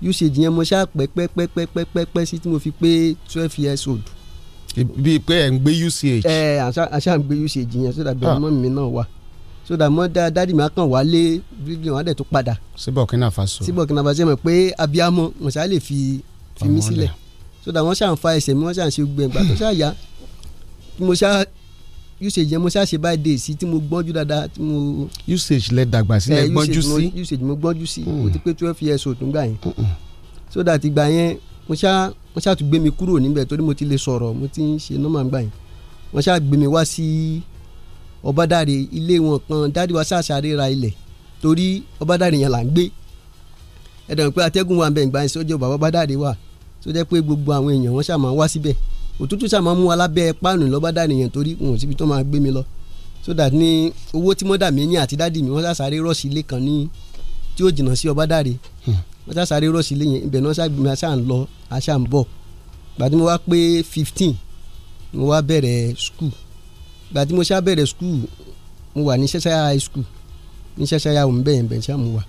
UCH yẹn mo ṣáà pẹ́ pẹ́ pẹ́ pẹ́ pẹ́ pẹ́ pẹ́ sí tí mo fi pé twelve years old. bíi pé ẹ̀ ń gbé UCH. ẹ àṣà àṣà ń gbé UCH yẹn so dàgbàdo ah. mọ́ mi náà wà so that mọ dáadáa mi kàn wálé bíbí wọn á dẹ̀ tó padà. sí Burkina Faso sí Burkina Faso ẹ mọ̀ pé abiyamọ wọn ṣáà lè fi fi mí sílẹ̀ so that wọn ṣàn fa ẹsẹ̀ mi wọn ṣàn ṣe gbẹ̀ gbà tó ṣáà yá mo ṣáà usage yẹn mo ṣáà ṣe báyìí dé sí tí mo gbọ́njú dáadáa tí mo. usage lẹ dàgbà sílẹ̀ eh, gbọ́njú sí usage mo gbọ́njú sí mo hmm. ti pé twelve years old nígbà yẹn hmm, hmm. so that ìgbà yẹn mo ṣáà mo ṣáà tún gbé mi kúrò níbẹ̀ torí mo ti lè sọ̀rọ̀ mo ti ń ṣe normal gbà yẹn wọ́n ṣáà gbé mi wá sí. Si ọbádàrẹ ilé wọn kan dáàdi wa ṣàṣàrẹ ra ilẹ̀ torí ọbádàrẹ yẹn là ń gbé ẹ̀dọ̀ pé atẹ́gùn wa ń bẹ̀ ń gbà ẹ̀ sọ́jọ́ bàbá ọbádàrẹ wà tó jẹ́ pé gbogbo àwọn èèyàn wọn ṣàmà wá síbẹ̀ òtútù ṣàmà mú wa lábẹ́ páànù lọ́bádàrẹ yẹn torí wọn ò síbi tó máa gbé mi lọ so that ní owó tí mọ́dà mi ní àti dáàdi mi wọ́n ṣàṣàrẹ rọ́ọ̀sì ilé kan ní tí ó jìnnà sí ọbádàrẹ hmm. wọ́n ṣàṣàrẹ rọ́ọ̀sì ilé yẹn ibẹ̀ náà ṣàgbìmọ̀ àṣà ń lọ àṣà ń bọ̀ gbàdúmọ̀ wá pé fifteen mo wá bẹ̀rẹ̀ skul gbà tí mo ṣá bẹ̀rẹ̀ skul mo wà ní ṣẹṣẹ high school ní ṣẹṣẹ ya òun bẹ́ẹ̀ bẹ́ẹ̀ ṣá mo wà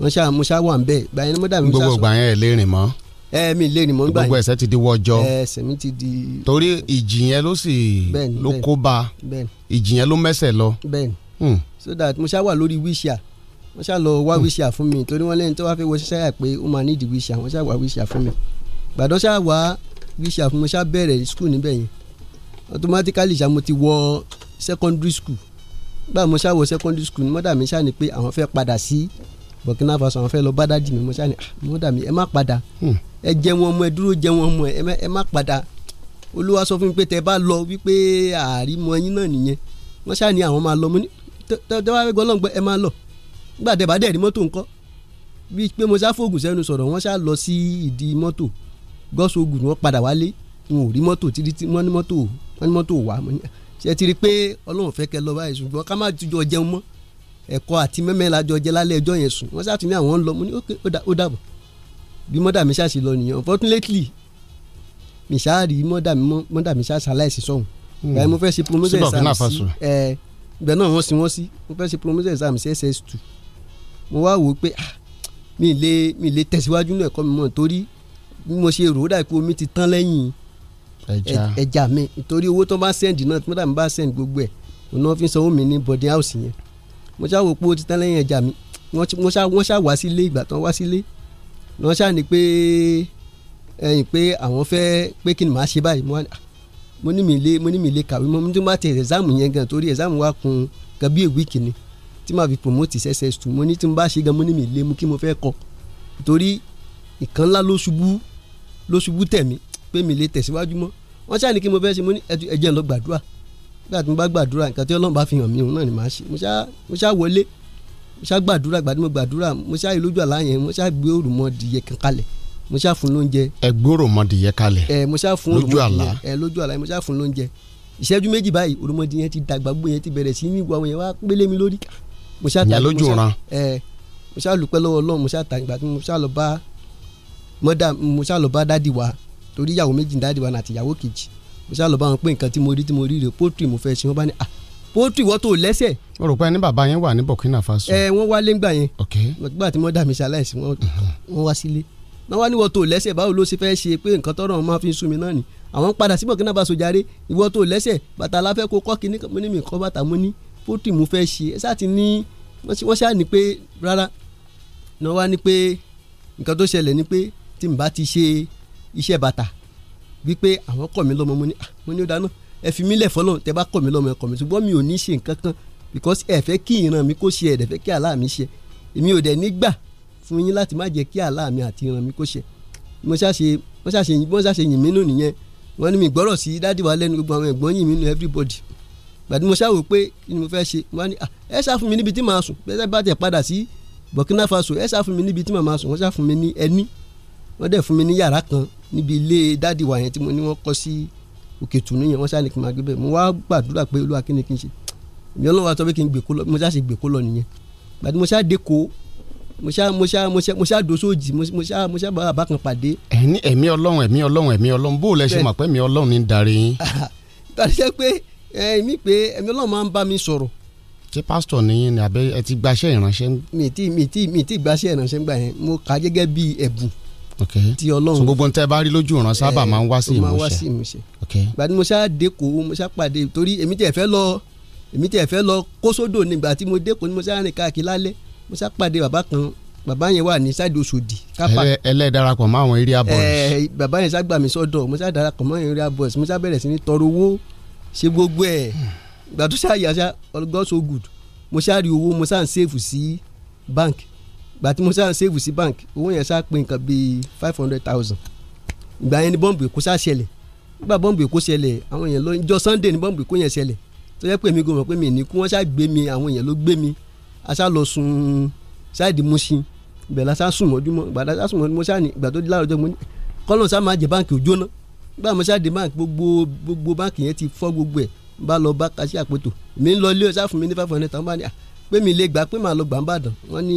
wọ́n ṣá mo ṣá wà ń bẹ́ẹ̀ gbà yẹn mo dàbí mo ṣá sọ. gbogbo ìgbà yẹn lè mọ́. ẹ mi lè rìn mọ́ nígbà yẹn. gbogbo ẹsẹ̀ ti di wọ́jọ́. ẹsẹ̀ mi ti di. torí ìjì yẹn ló sì ló kó ba ìjì yẹn ló mẹ́sẹ̀ lọ. bẹ́ẹ̀ni hmm. so that mo ṣá wà lórí wíṣà wọ́n ṣá lọ wá hmm. wíṣà fún mi torí wọ́n lẹ́yìn tó wá fẹ́ wọ ṣiṣẹ́ yà pé ó máa nídìí wíṣà wọ́n ṣá wá wíṣà fún mi gbàdọ́ ṣá wá wíṣà fún automatically ṣá mo ti wọ secondary school gbà mo ṣá wọ secondary school mọ́dà mi ṣá ni pé àwọn fẹ́ padà sí Burkina Faso àwọn fẹ́ lọ bá mi mo ṣá ni ah, mọ́dà mi ẹ má padà hmm. ẹ jẹ wọn mọ ẹ dúró jẹ wọn mọ ẹ má padà olúwa sọ fún mi pé tẹ bá lọ wípé àrímọ yín náà nìyẹn wọ́n ṣá ni àwọn máa lọ mo ní tọ́wọ́ ẹgbẹ́ ọlọ́ngbọ́n ẹ máa lọ nígbà tẹ bá dẹ̀ rí mọ́tò ńkọ́ bíi pé mo ṣá fóògùn sẹ́nu sọ̀rọ̀ wọ́n ṣá lọ sí ìdí mọ́tò gọ́sọ̀gùn wọn padà wálé wọn ò rí mọ́tò títí wọ́n ní mọ́tò wọ́n ní mọ́tò wà mo ní ṣe ti rí i pé ọlọ́run fẹ́ kẹ́ lọ báyìí ṣùgbọ́n ká má jọ jẹun mọ́ ẹ̀kọ́ àti mẹ́mẹ́ la jọ jẹ lálẹ́ ẹjọ́ yẹn sùn wọ́n ṣàtúnyẹ àwọn ń lọ mo ní ó dàbọ̀ bí mọ́dà mi ṣàṣì lọ nìyẹn unfortunately mi ṣáà rí mọ́dà mi mọ́dà mi ṣáà ṣàláìsí sọ̀hún ẹ̀ hmm. mo fẹ́ ṣe promotion exam sí ẹ̀ ìgbà náà wọ́n sí wọ́n sí mo fẹ́ ṣe promotion exam sí ss2 mo wá wò ó pé ah, mi lè mi lè tẹ̀síwájú náà ẹ̀kọ́ mi mọ̀ torí bí mo ṣe rò ó dà ẹja mi nítorí owó tó bá sẹ́ndì náà tí mọ́tàmí bá sẹ́ndì gbogbo ẹ̀ òun náà fi sanwó mi ní boarding house yẹn mo ṣáà wò pé ó ti tán lẹ́yìn ẹja mi wọ́n ṣáà wá sílé ìgbà tán wá sílé wọ́n ṣáà ní pé ẹyìn pé àwọn fẹ́ pé kí ni màá ṣe báyìí mo ah, ní mi lé mo ní mi lé kàwé mo ní tó má tẹ ẹ̀sáàmù yẹn gan torí ẹ̀sáàmù wa kun kan bí èwì kìíní tí màá fi promote ss2 mo ní tí mo bá ṣe gan mo ní mi lé mu kí mo fẹ́ kọ torí ìkan ló ṣubú ló ṣubú tẹ̀mí pé mi lè tẹ̀síwájú mọ́ wọ́n ṣáà ní kí mo fẹ́ ṣe mo ní ẹ̀jẹ̀ lọ gbàdúrà nígbà tí mo bá gbàdúrà nǹkan tí Ọlọ́run bá fi hàn mí òun náà ni màá ṣe mo ṣáà wọlé mo ṣáà gbàdúrà gbàdúrà mo gbàdúrà mo ṣáà ìlójú àlá yẹn mo ṣáà gbé òrùmọdìyẹ kan kalẹ̀ mo ṣáà fún lóúnjẹ. ẹ gbé òrùmọdìyẹ kalẹ̀ ẹ mo ṣáà fún lójú àlá ẹ lójú àlá mo ṣáà fún lóúnjẹ ìṣẹ́jú méjì báyìí òrùmọdìyẹ ti dàgbà gbogbo yẹn ti bẹ̀rẹ̀ sí wa torí ìyàwó méjì ní dáàdì wa náà àti ìyàwó kejì mo ṣáà lọ bá wọn pé nǹkan tí mo rí tí mo rí rè pótìrì mo fẹ́ ṣe wọ́n bá ní à pótìrì wọ́n tó lẹ́sẹ̀. mo rò pé ẹni bàbá yẹn wà ní Burkina Faso. ẹ wọ́n wá lẹ́ngbà yẹn nígbà tí wọ́n dà mí ṣaláìsí wọ́n wá sílé wọ́n wá ní wọ́n tó lẹ́sẹ̀ báwo ló ṣe fẹ́ ṣe pé nǹkan tọ́rọ̀ wọn máa fi sún mi náà ni àwọn padà sí Burkina Faso jàre ìwọ́n tó lẹ́sẹ̀ bàtà la fẹ́ kó kọ́ kínní mo ní mi kọ́ bàtà mo ní pótìrì mo fẹ́ ṣe ẹ sáà ti ní wọ́n ṣáà ní pé rárá ni wọ́n wá ní pé nǹkan tó ṣẹlẹ̀ ni pé tí n bá ti ṣe iṣẹ́ bàtà wípé àwọn kọ̀ mí lọ́mọ mo ní ah, mo ní ó dáná ẹ fi mí lẹ̀ fọlọ́run tẹ bá kọ̀ mí lọ́mọ ẹ kọ̀ mí ṣùgbọ́n mi ò ní ṣe nǹkan kan because ẹ fẹ́ kí ìran mi kó ṣe ẹ dẹ̀ fẹ́ kí àlá mi ṣe èmi ò dẹ̀ nígbà fún yín láti má jẹ́ kí àlá mi àti ìran mi kó ṣe mo ṣàṣe mo ṣàṣe mo ṣàṣe yìn mí nù nìyẹn wọ́n ní mi gbọ́rọ̀ sí dádì wa lẹ́nu gbogbo àwọn ẹ̀gbọ́n yìn mí nù everybody gbàdí mo ṣàwò pé kí ni mo fẹ́ ṣe wọ́n á ní ah, ẹ ṣá fún mi níbi tí màá sùn bẹ́ẹ̀ bá tẹ̀ padà sí Burkina Faso ẹ ṣá níbi tí màá sùn wọ́n ṣá ní ẹni wọ́n dẹ̀ fún mi ní yàrá kan níbi ilé dáàdì wa yẹn tí mo ní wọ́n kọ́ sí òkè tùnú yẹn wọ́n sáré kí n máa gbé bẹ́ẹ̀ mo wá gbàdúrà pé olúwa kí ni kí n ṣe èmi ọlọ́run wa sọ pé kí n gbèkó lọ mo ṣáṣe gbèkó lọ nìyẹn gbàdúrà mo ṣáà dẹ́ko mo ṣáà mo ṣáà mo ṣáà mo ṣáà dosóòjì mo ṣáà mo ṣáà bá bàbá kan pàdé. ẹni ẹ̀mí ọlọ́run ẹ̀mí ọlọ́run ẹ̀mí ọlọ́run bó o lẹ ṣe mọ̀ pé ẹ̀mí ọlọ́run ní darí yín. [LAUGHS] pé ẹ̀mí pé ẹ̀mí ọlọ́run máa ń bá mi sọ̀rọ̀ ṣé pásítọ̀ ni àbẹ́ ẹ ti gbaṣẹ́ ìránṣẹ́. mi ti mi ti mi ti gbaṣẹ́ ìránṣẹ́ gbà yẹn mo kà á gẹ́gẹ́ bíi ẹ̀bùn tí ọlọ́run gbogbo ń tẹ́ bá rí lójú ìran sábà eh, máa ń wá sí ìmúṣẹ gbàtí mo ṣáà dẹ́kọ̀ mo ṣáà pàdé torí èmi tẹ̀ fẹ́ lọ èmi tẹ̀ fẹ́ lọ kó nígbà tí mo dẹ́kọ̀ ni mo ṣáà rìn káàkiri lálẹ́ mo ṣáà pàdé bàbá kan bàbá yẹn wà ní ṣáàdì Òṣòdì. ẹlẹ́ẹ̀darapọ̀ mọ́ àwọn area boys. ẹ eh, bàbá yẹn ṣàgbà mi sọ́dọ̀ mo ṣáà darapọ̀ mọ́ àwọn area boys mo ṣáà bẹ̀rẹ̀ sí ní tọrọ owó ṣe gbogbo ẹ̀ gbàtúṣà yàṣà God so good mo ṣáà rí owó mo ṣáà ń sèfù sí báńkì gbà tí mo sá save sí bank owó yẹn sá pé nǹkan bíi five hundred thousand gbà yẹn ni bọ́ǹbù èkó sá ṣẹlẹ̀ nígbà bọ́ǹbù èkó ṣẹlẹ̀ àwọn èèyàn ló ń jọ sunday ni bọ́ǹbù èkó yẹn ṣẹlẹ̀ tó yẹ pé mi gòmọ̀ pé mi ní kú wọ́n sá gbé mi àwọn èèyàn ló gbé mi a sá lọ sun ṣáàdì Mùṣín ibẹ̀ la sá sùn mọ́júmọ́ ìgbà la sá sùn mọ́júmọ́ sáà ní ìgbà tó di láàrọ̀ ọjọ́ mo ní kọ́lọ̀ sá máa jẹ báǹkì òjóná nígbà mo sáà dé báǹkì gbogbo gbogbo báǹkì yẹn ti fọ́ gbogbo ẹ̀ n bá lọ bá kasi àpótò mi ń lọ ilé ọ̀sá fún mi ní five hundred thousand pé mi lè gbà pé màá lọ gbà ń bàdàn wọ́n ní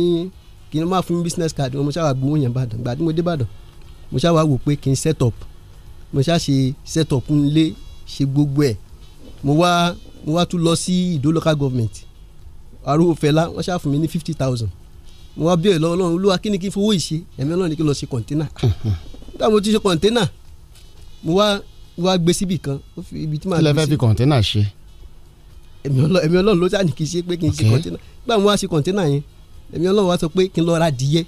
kí n má fún business card wọn mo ṣáà wá gbowó yẹn bàdàn gbàdí mo dé bàdàn mo ṣáà wá wò pé kí n set up mo ṣáà ṣe set up nlé ṣe gbogbo ẹ̀ mo wá mo wá tún lọ sí ìdó local government arúgbó fẹlá wọ́n ṣáà fún mi ní fifty thousand mo wá bẹ̀rẹ̀ lọ́wọ́ Ọlọ́run olúwa kí ni kí n fowó ìṣe ẹ̀mí Ọlọ́run ni kí n lọ ṣe kọ̀ǹténà nígbà mo ti ṣe kọ̀ǹténà mo wá wá gbé síbì kan ibi tí màá gbé sí. ẹ̀mí Ọlọ́run ló ṣáà ṣe pé kí n ṣe kọ̀ǹténà nígbà mo wá ṣe kọ̀ǹténà yẹn èmi ọlọ́run wá sọ pé kí n lọ ra dìyẹ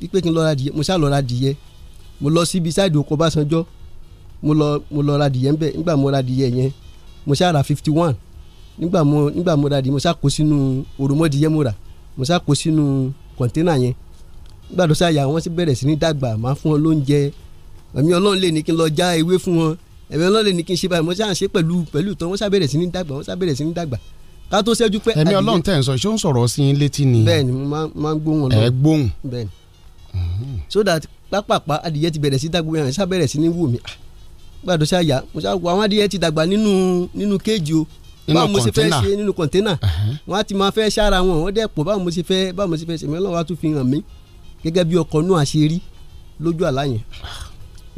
wípé kí n lọ ra dìyẹ mo ṣá lọ ra dìyẹ mo lọ síbi sáìdì oko Ọbásanjọ́ mo lọ mo lọ ra dìyẹ ńbẹ nígbà mo ra dìyẹ yẹn mo ṣá ra fifty one nígbà mo nígbà mo ra dìyẹ mo ṣá kó sínú òròmọdìyẹ mo rà mo ṣá kó sínú kọ̀ńténà yẹn nígbà tó ṣáà yà wọ́n sì bẹ̀rẹ̀ sí ní dàgbà máa fún wọn lóúnjẹ èmi ọlọ́run lè ní kí n lọ já ewé fún wọn èmi ọlọ́run lè ní kí n ṣe báyìí mo ṣáà ṣe pẹ̀lú pẹ̀lú ìtọ́ wọ́n ṣá bẹ̀rẹ̀ sí ní dàgbà wọ́n ṣá bẹ̀rẹ̀ sí ní dàgbà ká tó ṣẹ́jú pé. ẹ̀mí ọlọ́run tẹ̀ ń sọ ṣé ó ń sọ̀rọ̀ sí i létí ni. bẹ́ẹ̀ni mo máa ń gbóhùn ọlọ́run. ẹ gbóhùn. bẹ́ẹ̀ni mhm. so that pápápá adìyẹ ti bẹ̀rẹ̀ sí dàgbò yẹn sá bẹ̀rẹ̀ sí ní wù mí ah, gbàdọ̀ sá yá mo sá wọ àwọn adìyẹ ti dàgbà nínú nínú kéèjì o báwo mo ṣe fẹ́ ṣe nínú kọ̀ńténà wọn á ti máa fẹ́ sára wọn wọn dẹ̀ pọ̀ báwo mo ṣe fẹ́ báwo mo ṣe fẹ́ ṣe mẹ́lọ́n wa tún fi hàn mí gẹ́gẹ́ bí ọkọ̀ náà ṣe rí lójú àlá yẹn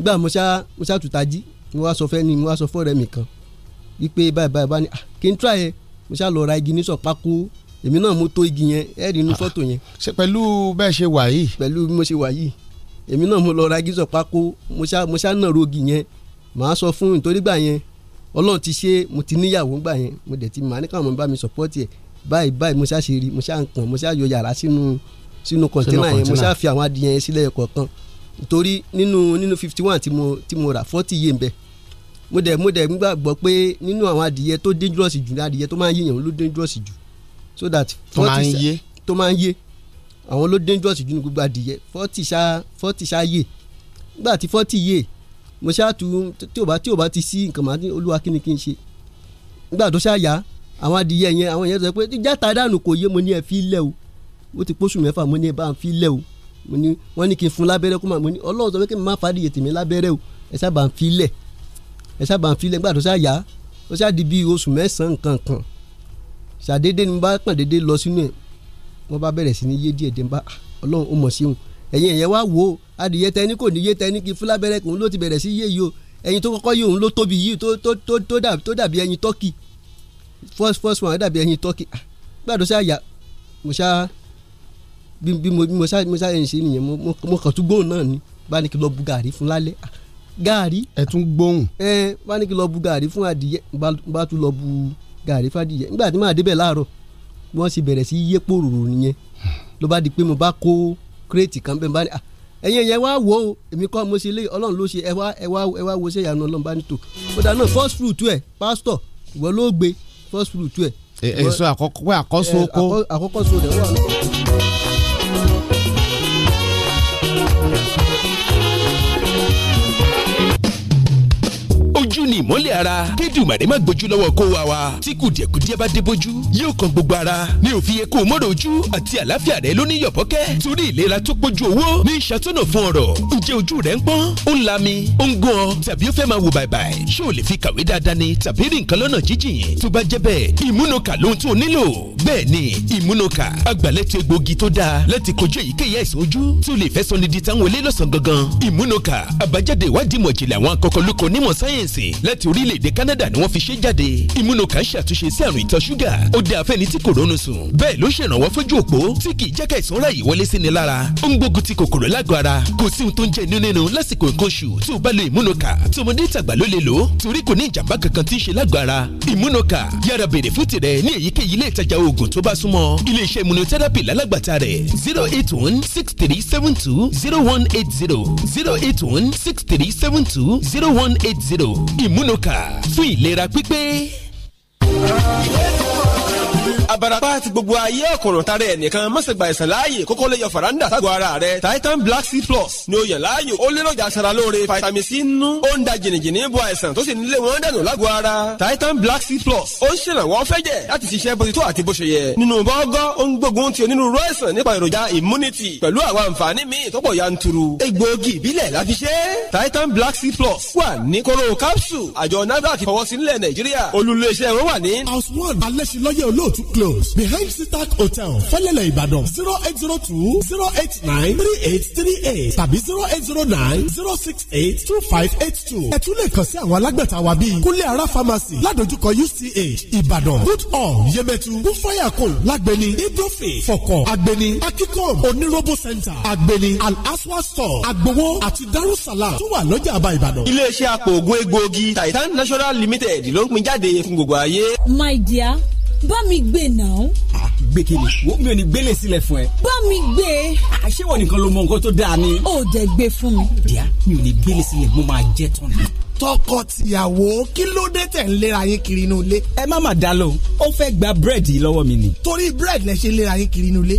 gbà mo sá mo sá tùtà jí mo wá sọ fẹ́ ni mo wá sọ fọ́ọ̀rẹ́ mi kan wípé báyìí báyìí bá ní ah, kí n tíra yẹn mo ṣáà lọ ra igi ní sọ̀pákó èmi náà mo tó igi yẹn ẹ rí inú ah. fọ́tò yẹn. pẹ̀lú bẹ́ẹ̀ ṣe wà yìí. pẹ̀lú bí mo ṣe wà yìí èmi náà mo lọ ra igi sọ̀pákó mo ṣá mo ṣá náà rogi yẹn màá sọ fún nítorí gbà yẹn ọlọ́run ti ṣe mo ti níyàwó gbà yẹn mo dẹ̀ ti mà ní káwọn bá mi sọ̀pọ́tì ẹ̀ báyìí báyìí mo ṣá ṣe rí mo ṣá ń kàn mo ṣá yọ yàrá sínú sínú kọ̀ǹtínà yẹn mo ṣá fi àwọn adìyẹ sílẹ̀ kọ̀ọ̀kan nítorí nínú nínú fifty one tí mo tí mo rà forty yé ń bẹ́ẹ̀ mo dẹ̀ mo dẹ̀ gbàgbọ́ pé nínú àwọn adìyẹ tó dangerous jù ní adìyẹ tó máa ń yéèyàn ló dangerous jù so that tó máa ń yé tó máa ń yé àwọn ló dangerous jù ní gbogbo adìyẹ forty ṣá forty ṣá yé nígbà tí forty yé mo ṣáà tu tí o bá tí o bá ti sí nǹkan máa ní olúwa kí ni kí n ṣe nígbà tó ṣáà yá àwọn adìyẹ yẹn àwọn yẹn sọ pé játa dànù kò yé mo ní ẹ fi lẹ̀ o ó ti pósù mẹ́fà mo ní ẹ bá ń fi lẹ̀ o mo ní wọ́n ní kí n fún lábẹ́rẹ́ kó máa mo ní ọlọ́run sọ pé kí n má fàdíyẹ tèmi lábẹ́rẹ́ o ẹ sábà ń fi lẹ̀ ẹ sábà ń filẹ̀ nígbà tó sá yá ó sá di bíi oṣù mẹ́sàn-án nǹkan kan ṣàdédé ni mo bá kàn déédé lọ sínú ẹ̀ wọ́n bá bẹ̀rẹ̀ sí ní yé díẹ̀ díẹ̀ bá ah, ọlọ́run ó mọ̀ sí wọn ẹ̀yin ẹ̀yẹ wá wò ó adìyẹ tẹni kò ní yé tẹni kí fúlábẹ́rẹ́ kò ń ló ti bẹ̀rẹ̀ sí yé yìí o ẹyin tó kọ́kọ́ yìí òun ló tóbi yìí tó dàbí ẹyin tọ́kì first first one dàbí ẹyin tọ́kì gbàdúrà sí àyà mo ṣá bí mo ṣá ẹyin ṣe nìyẹn mo kàn tún gbóhùn náà ni bá ní gaari. ẹ tún gbóhùn. ẹ bá ní kí lọ bu gaari fún adìyẹ bá tún lọ bu gaari fadìyẹ nígbà tí màá débẹ̀ láàárọ̀ wọ́n sì bẹ̀rẹ̀ sí yé pòròrò nìyẹn ló bá di pé mo bá kó kírètì kan bẹ́ẹ̀ bá ní ẹ̀yin ẹ̀yẹ wá wò èmi kọ́ mo ṣe lé ọlọ́run ló ṣe ẹ wá ẹ wá ẹ wá wo ṣe ìyanu ọlọ́run bá ní tò ó dáná first fruit ẹ pastor ìwọ ló gbé first fruit ẹ. èso àkọ́kọ́ àkọ́so oko. àkọ́kọ́ so rẹ̀ wà lọ́kọ̀. ni ìmọ́lẹ̀ ara kédùmàrè má gbójú lọ́wọ́ kó wa wa tí kùdìẹ̀kùdìẹ̀ bá dé bójú yóò kan gbogbo ara ní òfin kó o mọ́rọ̀ ojú àti àlàáfíà rẹ ló ní yọ̀bọ́kẹ́ torí ìlera tó pójú owó ní ìṣàtúnà fún ọ̀rọ̀ ǹjẹ́ ojú rẹ ń pọ́n ó ń lami ó ń gún ọ tàbí ó fẹ́ máa wò bàìbàì ṣé o lè fi kàwé dáadáa ni tàbí rí nǹkan lọ́nà jíjìn tó bá jẹ́ bẹ́ẹ̀ ìmúnokà lóhun tó nílò bẹ́ẹ̀ ni ìmúnokà agbálẹ́tì egbògi tó dáa láti kojú èyíkéyìí àìsàn ojú tó lè fẹ́ sọ ní di táwọn olé lọ́sàn gangan ìmúnokà àbájáde ìwádìí mọ̀jìnlẹ̀ àwọn akọkọlùkọ onímọ̀ sáyẹ̀nsì láti orílẹ̀-èdè Canada ni wọ́n fi ṣe jáde immunocan ṣàtúnṣe sí àrùn ìtọ̀ ṣúgà ó dá afẹ́ni tí kò rónú sùn bẹ́ẹ̀ ló ṣèrànwọ́ fójú òpó tí kì í jẹ́ ká ìsanra yìí wọlé sí ni lára ó ń gbógun ti kòkòrò lágọ̀ọ́ ara kò sí ohun tó ń jẹ inú nínú lásìkò nǹkan oṣù tí o bá lo immunocan tọmọdé tàgbà ló lè lò ó torí kò ní ìjàmbá kankan tí ń ṣe lágọ̀ọ́ ara immunocan zero eight one six three seven two zero one eight zero zero eight one six three seven two zero one eight zero múnokà fún ìlera pípé abarapa ti gbogbo ayé ọ̀kọ̀ràn tarẹ̀ ẹnìkan mọ̀sẹ̀gbà ẹ̀sẹ̀ láàyè kókó lè faranda sago ara rẹ̀ titan black sea plus ni ó yàn láàyò ó léròjà aṣara lóore vitamin c nínú ó ń da jìnnìjìnnì bo àìsàn tó sì nílé wọn dànù lágọ̀ọ́ ara titan black sea plus ó ń ṣèrànwọ́ fẹ́jẹ̀ láti ṣiṣẹ́ bó ti tó àti bó ṣe yẹ nínú bọ́gọ́ ó ń gbógun ti onírúurú àìsàn nípa èròjà immunity pẹ̀lú àwọn àǹfààní míì olóòtú close behind sitak hotel fẹ́lẹ́lẹ̀ ìbàdàn zero eight zero two zero eight nine three eight three eight tàbí zero eight zero nine zero six eight two five eight two. ẹ tún lè kàn sí àwọn alágbàtà wa bíi kúnlé ara pharmacy ládojúkọ UCH ìbàdàn good all yemẹtu bufayako lágbẹni ibrofe fọkọ agbẹni akikom onirobo center agbẹni al-aswa store agbowo àti darussalam tó wà lọ́jà àbá ìbàdàn. iléeṣẹ́ apòògùn egbòogi titan national limited ló ń pín jáde fún gbogbo ayé. my dear bá mi gbé náà. a gbé kiri wo mi ò ní gbélé sílẹ̀ fún ẹ. bá gbé. a ṣé wọn nìkan ló mọ nǹkan tó dáa ni. ó dẹ gbé fún mi. díà mi ò ní gbélé sílẹ̀ mo máa jẹ tán ni. tọkọ-tìyàwó kí ló dé tẹ̀ ń léra yín kiri inú ilé. ẹ má má dá lóhùn ó fẹ́ gba búrẹ́dì lọ́wọ́ mi ni. torí búrẹ́dì lẹ ṣe léra yín kiri inú ilé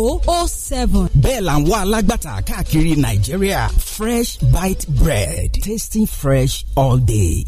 o o seven. bẹ́ẹ̀ là ń wá alágbàtà káàkiri nàìjíríà fresh bite bread tasting fresh all day.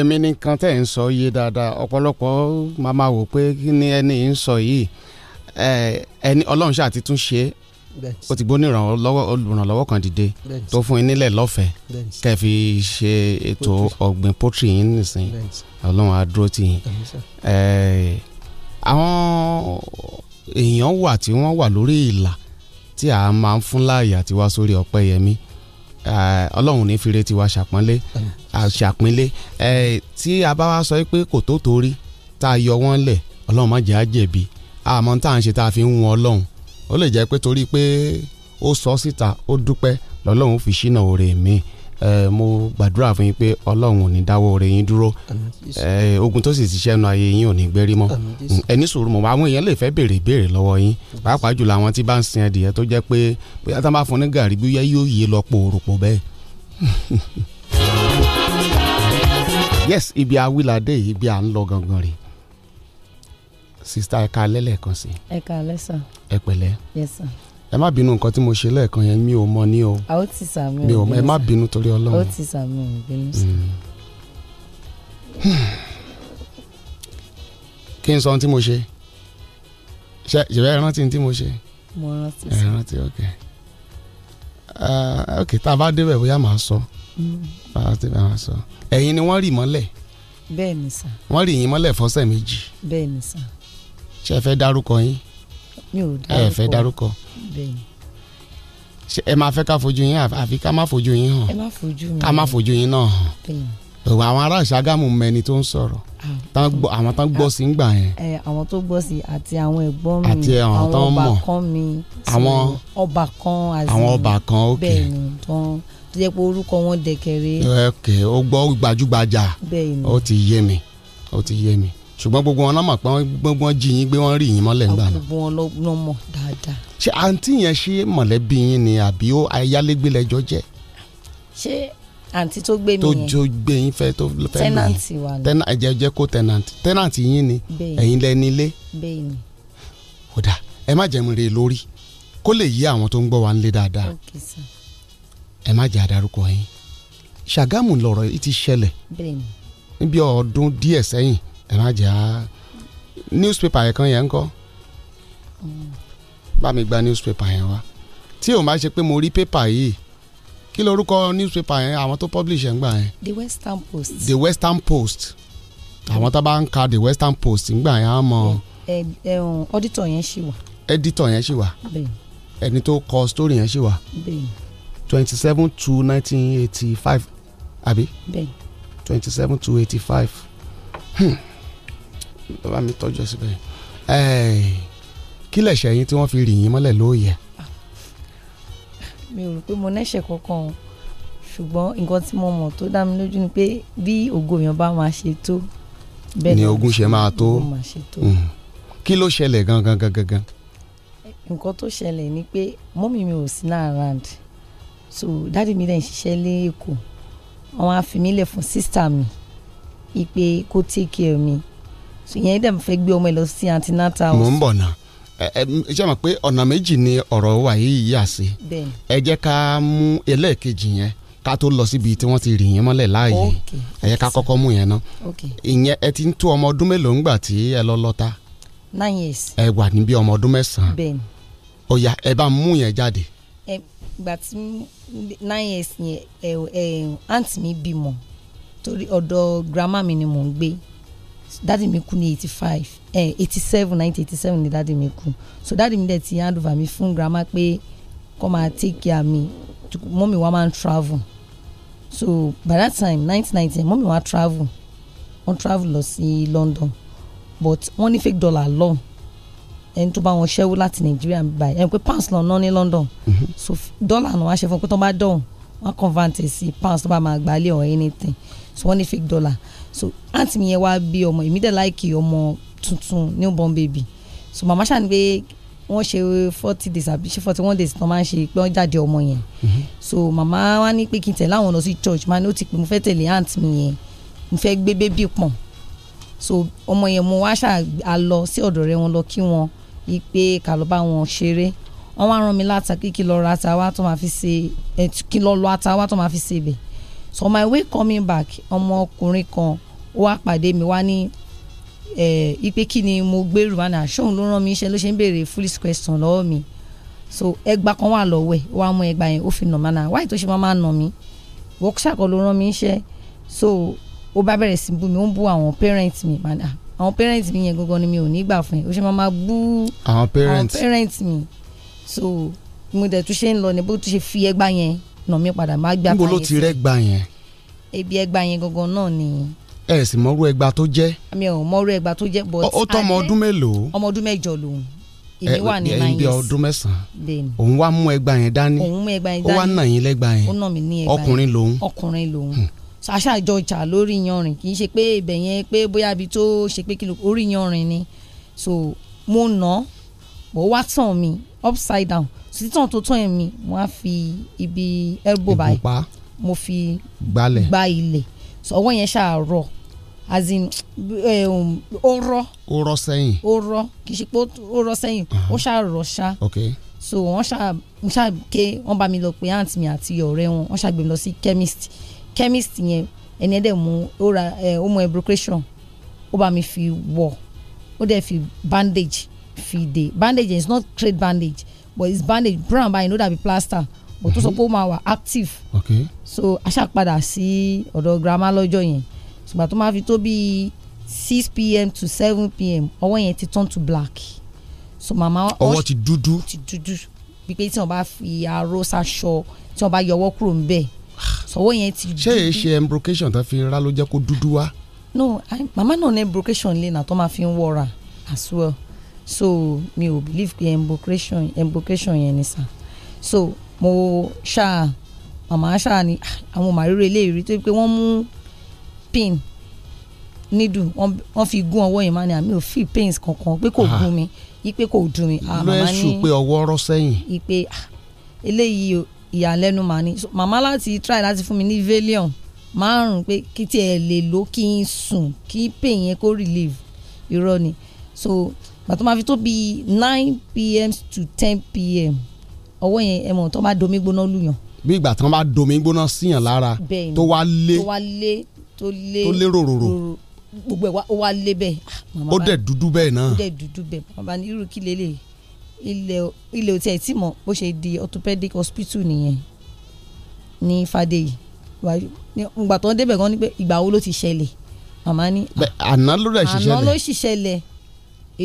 èmi nìkan tẹ̀ ń sọ yé dáadáa ọ̀pọ̀lọpọ̀ máa ma wò pé kí ni ẹni ń sọ yìí ẹni ọlọ́run ṣáà ti tún ṣe é o ti gbóni olùrànlọ́wọ́ kan dìde tó fún yín nílẹ̀ lọ́fẹ̀ẹ́ kẹ́ fi ṣe ètò ọ̀gbìn pọ́tìrì yín nìsín ọlọ́run á dúró tì yín. àwọn èèyàn wà tí wọ́n wà lórí ìlà tí a máa ń fún láàyè àti wá sórí ọ̀pẹ yẹmí. Eh, ọlọ́run ní fire tiwa ṣàpọ́nlé ṣàpínlé eh, tí a bá wá sọ pé kò tó torí tá a yọ wọ́n lẹ̀ ọlọ́run má jẹ́ á jẹ̀bi àmọ́ tá à ń ṣe tá a fi ń wọn ọlọ́run ó lè jẹ́ pé torí pé ó sọ síta ó dúpẹ́ lọ́lọ́run fi ṣínà oore mi-ín mo gbàdúrà fún yín pé ọlọ́run ò ní dáwọ́ oore yín dúró ogun tó sì ti ṣẹ́nu ayé yín ò ní gbérí mọ́ ẹni sùúrù mọ́ àwọn èèyàn lè fẹ́ béèrè ìbéèrè lọ́wọ́ yín pàápàá jùlọ àwọn tí bá ń sin adìyẹ tó jẹ́ pé bóyá tá a bá fún ní gàrí bí yóò yé lọ pòròpò bẹ́ẹ̀ [LAUGHS] yes ibi awilade ibi à ń lọ gangan rè sista ẹka alẹ́ lẹ́ẹ̀kan sí. ẹka alẹ́ sàn. ẹ pẹ̀lẹ́. yes sir ẹ má bínú nǹkan tí mo ṣe lẹ́ẹ̀kan yẹn mi ò mọ ní o. a ó ti sàmì òbínú mi ò ẹ má bínú torí ọlọ́run. Hmm. kí n sọ ohun tí mo ṣe ṣe ṣẹ̀fẹ̀ ẹ rántí ohun tí mo ṣe. mo rántí sí. ẹ rántí ok uh, ok tá a bá débẹ̀ bóyá màá sọ tá hmm. a débẹ̀ màá sọ ẹ̀yin ni wọ́n rì mọ́lẹ̀. bẹ́ẹ̀ ni sà. wọ́n rì yín mọ́lẹ̀ fọ́sẹ̀ méjì. bẹ́ẹ̀ sà. ṣe fẹ́ dárúkọ yín. mi ò dárúkọ ẹ fẹ́ dárúkọ ẹ máa fẹ́ ká fojú yín àfi ká má fojú yín hàn ká má fojú yín náà hàn òwò àwọn ará ìṣàgámù mẹni tó ń sọ̀rọ̀ ah. àwọn tó gbọ́ sí ń gbà yẹn. àwọn tó gbọ́ sí àti àwọn ẹ̀gbọ́n mi àti àwọn tó mọ̀ àwọn ọba kan mi àwọn ọba kan òkè bẹ́ẹ̀ ni tó jẹ́ pé orúkọ wọn dẹ̀kẹ̀rẹ́. ok ó gbọ́ gbajúgbajà ó ti yé mi ó ti yé mi ṣùgbọ́n gbogbo wọn lámà pé gbogbo wọn jí yín gbé wọn rí yín mọ́lẹ̀ ńgbà náà. gbogbo wọn ló mọ̀ dáadáa. ṣé àǹtí yẹn ṣe mọ̀lẹ́bí yín ni àbí ó ayálégbé lẹ́jọ́ jẹ́. ṣé àǹtí tó gbé mi yẹn tó gbé yín fẹ́ tó fẹ́ mi tẹ́nàntì wa ni ẹ̀jẹ̀ kó tẹ́nàntì tẹ́nàntì yín ni ẹ̀yin lẹ́ni ilé. bẹ́ẹ̀ ni. ó dà ẹ má jẹ́ mi rè lórí kó lè yí àwọn tó ń gbọ́ wa nílé dáadáa ẹ níbi ọdún díẹ̀ sẹ́yìn ẹ newspaper yẹn kan yẹn ń mm. bá mi gba newspaper yẹn wá tí o má ṣe pé mo rí paper yìí kí lorúkọ newspaper yẹn àwọn tó publish ẹ̀ ń gbà yẹn. the western post. the western post àwọn tá a bá ń ka the western post ńgbà yẹn á mọ. ọdítọ̀ yẹn ṣì wà. ẹdítọ̀ yẹn ṣì wà ẹni tó kọ story yẹn ṣì wà twenty seven to nineteen eighty five àbí twenty seven to eighty five. Hmm bàbá mi tọ́jú ẹ síbẹ̀ kí lẹ̀ṣẹ̀ yín tí wọ́n fi rì yín mọ́lẹ̀ lóòyẹ̀. mi ò rò pé mo nẹ́ṣẹ̀ kankan o ṣùgbọ́n nǹkan tí mo mọ̀ tó dá mi lójú ni pé bí ògo èèyàn bá máa ṣe tó ni ogun ṣe máa tó mm. kí ló ṣẹlẹ̀ gangan gangan nǹkan tó ṣẹlẹ̀ ni pé mọ́mì mi ò sí náà around so dáàdi mi dẹ̀ ń ṣiṣẹ́ lẹ́kọ̀ọ́ wọn á fi mí lẹ̀ fún sísítà mi ìpè kó take care mi ìyẹn dẹ̀ fẹ́ gbé ọmọ ẹ lọ sí antenatal house. mò ń bọ̀ náà ṣe mọ̀ pé ọ̀nà méjì ni ọ̀rọ̀ wà yìí yà sí ẹ jẹ́ ká mú ẹlẹ́ẹ̀kejì yẹn ká tó lọ síbi tí wọ́n ti rì yín mọ́lẹ̀ láàyè ẹ jẹ́ ká kọ́kọ́ mú yẹn ná ìyẹn ẹ ti ń tó ọmọ ọdún mélòó ńgbà tí ẹ lọ lọ́ta nine years ẹ wà níbi ọmọ ọdún mẹ́sàn-án ó yá ẹ bá mú yẹn jáde. ẹ gbà tí nine years yẹn ẹ ẹ aunt mi bímọ torí ọ̀dọ̀ grandma mi ni mò ń gbé dádì mi kú ní eighty five eh eighty seven nineteen eighty seven ni dádì mi kú so dádì mi dẹ̀ ti hand over mi fún grandma pé kọ́ máa take care mi mọ́mì wa máa travel so by that time nineteen ninety mọ́mì wa travel wọ́n travel lọ sí London but wọ́n ní fake dollar lọ́n ẹni tó bá wọn ṣẹ́wó láti Nàìjíríà báyìí ẹni pé pounds lọ ná ní London mm-hmm. so dollar náà wá ṣe fún pé tó bá dọ̀hún wọ́n convert sí pounds tó bá máa gbálẹ̀ or anything so wọ́n ní fake dollar so àǹtí mi yẹn wá bí ọmọ èmi dẹ̀ láìkì ọmọ tuntun newborn baby so màmá ṣàn gbé wọ́n ṣe forty days àbí ṣe forty one days tí wọ́n máa ń ṣe pé wọ́n jáde ọmọ yẹn mhm. so màmá wa ní pé kí n tẹ̀lé àwọn lọ sí church màá ní ó ti pè mo fẹ́ tẹ̀lé àǹtí mi yẹn mo fẹ́ gbé bébí pọ̀n so ọmọ yẹn mo wá ṣà á lọ sí ọ̀dọ̀ rẹ̀ wọn lọ kí wọn yí pé ká lọ bá wọn ṣeré wọ́n wá rán mi láta kí kí lọ ra ata wá tó máa fi ṣe kí lọ lọ ata tó máa fi ṣe bẹ́ẹ̀ so my way coming back ọmọkùnrin kan ó wá pàdé mi wá ní ipe kí ni mo gbèrú wá náà ṣóun ló rán mi iṣẹ́ ló ṣe ń béèrè foolish question lọ́wọ́ mi so ẹgbà kan wà lọ́wọ́ ẹ̀ wá mú ẹgbà yẹn ó fi nà má náà wáyé tó ṣe máa nà mí workshop kan ló rán mi iṣẹ́ so ó bá bẹ̀rẹ̀ sí bú mi ó ń bú àwọn parents mi màdà àwọn parents mi yẹn gangan ni mi ò ní gbà fún ẹ ó ṣe máa máa bú àwọn parents mi so mo dẹ̀ tún ṣe ń lọ ní bó tún ṣe fi ẹgbà yẹn nà mí padà má gbà. níbo ló ti rẹ́ gba yẹn. ibi ẹgba yẹn gangan náà ni. ẹ sì mọrú ẹgba tó jẹ. mi ò mọrú ẹgba tó jẹ ó tọ́ ọmọ ọdún mélòó. ọmọ ọdún mẹ́jọ lòun èmi wà ní nine years. ọdún mẹ́sàn-án. òun wá mú ẹgba yẹn dání. òun mú ẹgba yẹn dání. ó wá nà yín lẹ́gba yẹn. ó nà mí ní ẹgba yẹn. ọkùnrin lòun. ọkùnrin lòun hmm. aṣáájọ ìjà lórí yanrìn kì í ṣe pé ibẹ̀ yẹn pé bóyá ibi tó ṣe pé kìlọ̀ orí yanrìn ni so mo nà ó wá tàn mí upside down sísan tó tán èmi mo á fi ibi elbow báyìí mo fi gba ilẹ̀ ọwọ́ yẹn ṣàárọ̀ as in um, ó rọ́ ó rọ́ sẹ́yìn ó rọ́ kì í ṣe pé ó rọ́ sẹ́yìn ah. ó ṣàárọ̀ ṣá so wọ́n ṣá mo ṣá ké wọ́n bá mi lọ pé aunt mi àti ọ̀rẹ́ wọn wọ́n ṣá gbé mi lọ sí chemist chemist yẹn ẹni ẹ̀dẹ̀ mú ó ra ó mú ebrucation ó bá mi fi wọ̀ ó dẹ̀ fi bandage fi de. bandage is not straight bandage but it's bandage brown but i know that be plaster but tó sọ pé ó active okay. so aṣàpadà sí ọ̀dọ̀ grandma lọ́jọ́ yẹn ṣùgbọ́n tó máa fi tó bíi six pm to seven pm ọwọ́ yẹn ti turn to black so màmá ọwọ́ ti dúdú ti dúdú pípé tí wọ́n bá fi aró ṣaṣọ tí wọ́n bá yọwọ́ kúrò ń bẹ̀ yẹn ti dúdú. ṣé èyí ṣe embrocation tó fi rá ló jẹ́ kó dúdú wá. no màmá náà ní embrocation lè tó máa fi ń wọra as well so mi ò believe pé embocration embocration yẹn ni sà so mo ṣáà màmá ṣáà ni ah, àwọn màríro eléyìí rí tó pé wọ́n mú pin nídùú wọ́n fi gún ọwọ́ yẹn má ni ah, àmì ò fi pains kankan pé kò gún mi ipe kò dùn mí. ló ẹ sùn pé ọwọ́ rọ́ sẹ́yìn. ipe ah, eléyìí ìyàlẹ́nu màá ni màmá láti try láti fún mi ní valium márùn pé kí tiẹ̀ lè lò kí n sùn kí pain yẹn kó relieve irọ́ ni so bàtọ́ máa fi tó bíi nine pm to ten pm ọwọ́ yẹn ẹ mọ̀ tó bá domi gbóná lùyàn. bí ìgbà tí wọ́n bá domi gbóná síyàn lára tó wá lé tó wá lé tó lé tó lé ròròrò gbogbo ẹ̀ ó wá lé bẹ́ẹ̀. Ah, ó dẹ̀ dúdú bẹ́ẹ̀ náà. ó dẹ̀ dúdú bẹ́ẹ̀ bàbá ní irú kí lélẹ̀ ilẹ̀ ilẹ̀ òtí ẹ̀ tí mọ̀ bó ṣe di orthopedic hospital nìyẹn ní Fàdéyì ìgbà tó ń débẹ̀ gan ni pé ìgbà wo ló ti ṣẹlẹ̀ màmá ní. àná ló rẹ̀ ṣiṣẹ́ lẹ̀ àná ló ṣiṣẹ́ lẹ̀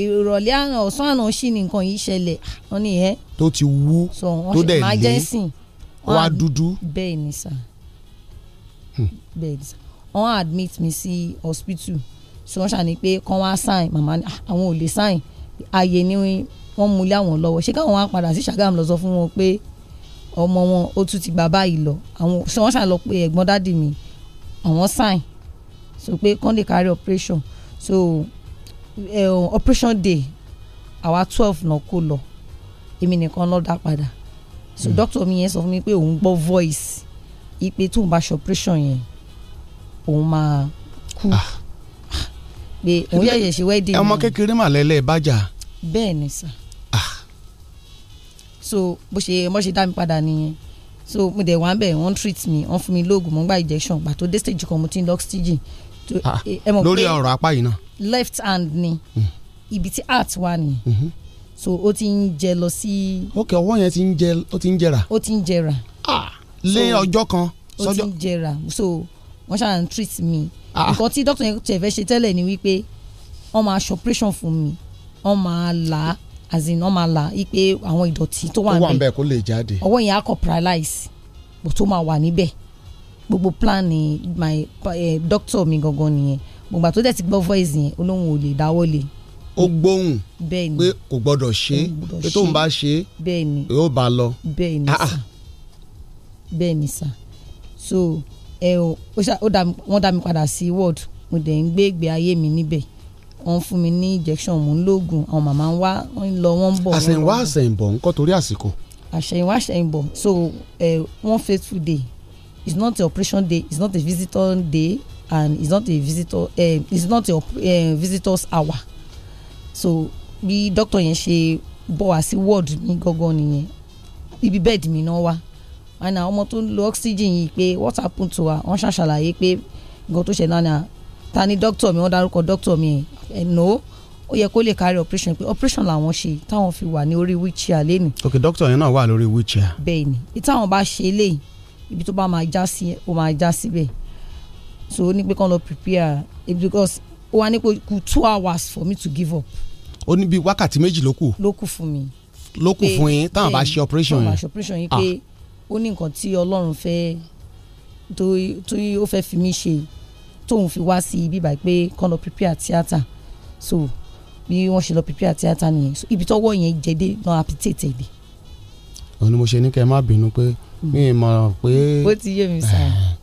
ìrọ̀lẹ́ àrùn ọ̀sán àrùn ṣì ni nǹkan yìí ṣẹlẹ̀ wọ́n ní ẹ́. tó ti wú tó dẹ̀ lé wá dúdú. bẹ́ẹ̀ ni sà hmm. bẹ́ẹ̀ ni sà wọ́n admit mi sí hospital so wọ́n ṣàní pé kán wá sign màmá ah, àwọn ò lè sign ààyè ni wọ́n mú lé àwọn lọ́wọ́ ṣé káwọn wá padà sí Ṣàgámù lọ sọ fún wọn pé ọmọ wọn ó tún ti gbà báyìí lọ àwọn so wọ́n ṣàlọ pé ẹ̀gbọ́n dádì mi àwọn sign so pé kán lè carry operation so Eh, oh, operation day our twelve náà kó lọ èmi nìkan ló dá padà so hmm. doctor mi yẹn sọ fún mi pé òun gbọ́ voice ipe tóun bá ṣe operation yẹn òun máa kú ah. pé òun yẹ̀yẹ̀ ṣe wedding. ọmọ kékeré mà lẹ́lẹ́ bájà. bẹ́ẹ̀ ni sà. Ah. so bó ṣe mo ṣe dá mi padà nìyẹn so mo dẹ̀ wá ń bẹ̀ wọ́n treat me wọ́n fún mi lóògùn mo ń gba injection gbà tó dé stage kan mo ti ń lọ oxygen Ah, eh, lórí ọ̀rọ̀ apá yìí náà. left hand ni hmm. ibi tí heart wà ni mm-hmm. so ó ti ń jẹ lọ sí. ok ọwọ́ yẹn ti ń jẹ ó ti ń jẹrà. ó ti ń jẹrà. ah lé ọjọ́ kan. ó ti ń jẹrà so wọ́n ṣáà ń treat mi. Ah. nǹkan tí dókítà yẹn tẹ̀ fẹ́ ṣe tẹ́lẹ̀ ni wípé wọ́n máa ṣe operation fún mi wọ́n máa là á as in wọ́n máa là á wípé àwọn ìdọ̀tí tó wà ń bẹ̀ kó wà ń bẹ̀ kó lè jáde ọwọ́ yẹn á kọ̀ paralyze bó tó máa wà níbẹ̀ gbogbo plan my eh, doctor mi gangan nìyẹn gbogbo àti ó dẹ̀ ti gbọ́ voice yẹn olóhùn ò lè dáwọ́ lé ó gbóhùn pé kò gbọ́dọ̀ ṣe é pé tóun bá ṣe é yóò bá lọ. bẹ́ẹ̀ ni ah, ah. sà bẹ́ẹ̀ so ẹ o wọ́n dá mi padà sí ward mo dẹ̀ ń gbé ìgbé ayé mi níbẹ̀ wọ́n fún mi ní injection mò ń lóògùn àwọn màmá ń wá wọ́n ń lọ wọ́n ń bọ̀. àṣẹ̀yìnwá àṣẹ̀yìnbọ̀ nǹkan torí àsìkò. àṣẹ̀yìnwá àṣẹ̀yìnbọ̀ so eh, one faithful day it's not a operation day it's not a visitor day and it's not a visitor uh, it's not a uh, eh, visitors hour so bí doctor yẹn ṣe bọ̀ wá sí ward mi gangan nìyẹn ibi bed mi náà wá àná ọmọ tó ń lo oxygen yìí pé what happen to her wọ́n ṣàṣàlàyé pé nǹkan tó ṣe náà náà ta ni doctor mi wọ́n dárúkọ doctor mi ẹ̀ no ó yẹ kó lè kárí operation pé operation làwọn ṣe táwọn fi wà ní orí wheelchair lẹ́nu. ok doctor yẹn náà wà lórí wheelchair. bẹ́ẹ̀ni ìtàwọn bá ṣe eléyìí ibi tó bá máa já sí ó máa já síbẹ̀ so ní pé kàn lọ prepare because ó wá ní pé kù two hours for me to give up. ó ní bí wákàtí méjì ló kù. ló kù fún mi. ló kù fún yín táwọn bá ṣe operation yẹn. táwọn bá ṣe operation yẹn pé ó ní nǹkan tí ọlọ́run fẹ́ tó ó fẹ́ fi mí ṣe tóun fi wá sí ibi báyìí pé kàn lọ prepare theatre so bí wọ́n ṣe lọ prepare theatre nìyẹn so ibi tọ́wọ́ yẹn jẹ́ dé náà àpítẹ́tẹ̀ dé. òun ni mo ṣe ní kẹ́ ẹ má bínú pé. Pe mi mọ̀ pé. ó ti yé mi sá eh.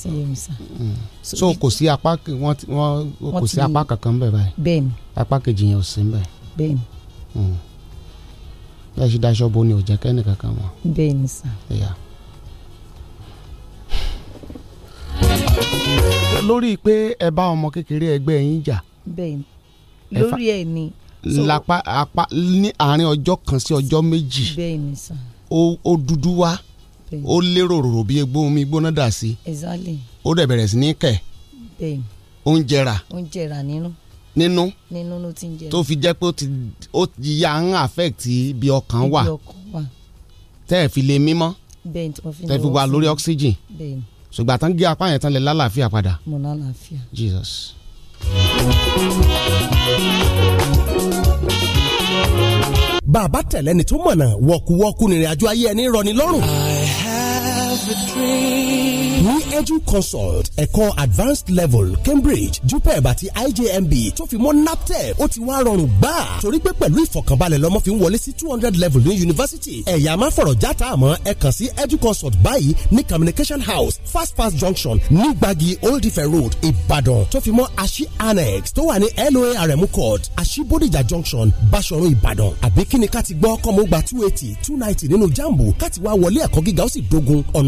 ti yé mi sá. Mm. so kò sí apá wọn wọn kò sí apá kankan bẹ́ẹ̀ báyìí. bẹ́ẹ̀ni. apá kejì yẹn ò sí bẹ́ẹ̀. bẹ́ẹ̀ni. Mm. bí a ṣe daṣọ bo ni ò jẹ́ kẹ́ni kankan mọ́. bẹ́ẹ̀ni sá. lórí pé ẹ bá ọmọ kékeré ẹgbẹ́ yín jà. bẹ́ẹ̀ni lórí ẹ̀ ni lápá apá ní àárín ọjọ́ kan sí ọjọ́ méjì ó dúdú wá ó lérò ròrò bí egbò omi gbóná dà sí exactly ó dẹ̀ bẹ̀rẹ̀ sí ní kẹ̀ bẹ́ẹ̀ ó ń jẹrà ó ń jẹrà nínú nínú nínú ló ti ń jẹrà tó fi jẹ́ pé ó ti ya ń affect bí ọkàn wà tẹ́ ẹ̀ fi lè mímọ́ tẹ́ ẹ̀ fi wà lórí oxygen ṣùgbọ́n àtàǹgé apá yẹn tán lè lálàáfíà padà. Jesus bàbá tẹ̀lẹ́ni tó mọ̀nà wọ̀kúwọ́kú nírìn ayé ẹni rọ̀ ní lọ́rùn ní edu consult ẹ̀kọ́ advanced level cambridge jupeb àti ijmb tó fi mọ́ naptep ó ti wá rọrùn gbà torí pé pẹ̀lú ìfọ̀kànbalẹ̀ lọ́mọ fi ń wọlé sí two hundred level ní yunifásitì ẹ̀yà máa fọ̀rọ̀ játa àmọ́ ẹ kàn sí edu consult báyìí ní communication house fast fast junction ní gbagi old ife road ìbàdàn tó fi mọ́ Ashi annex tó wà ní loarm court Ashi Bodija junction basọ̀run ìbàdàn àbí kíni ká ti gbọ́ kọ́mọ́gbà two eighty two ninety nínú jambu ká ti wá wọlé ẹ̀kọ́ gíga ó sì dogun ọ̀nà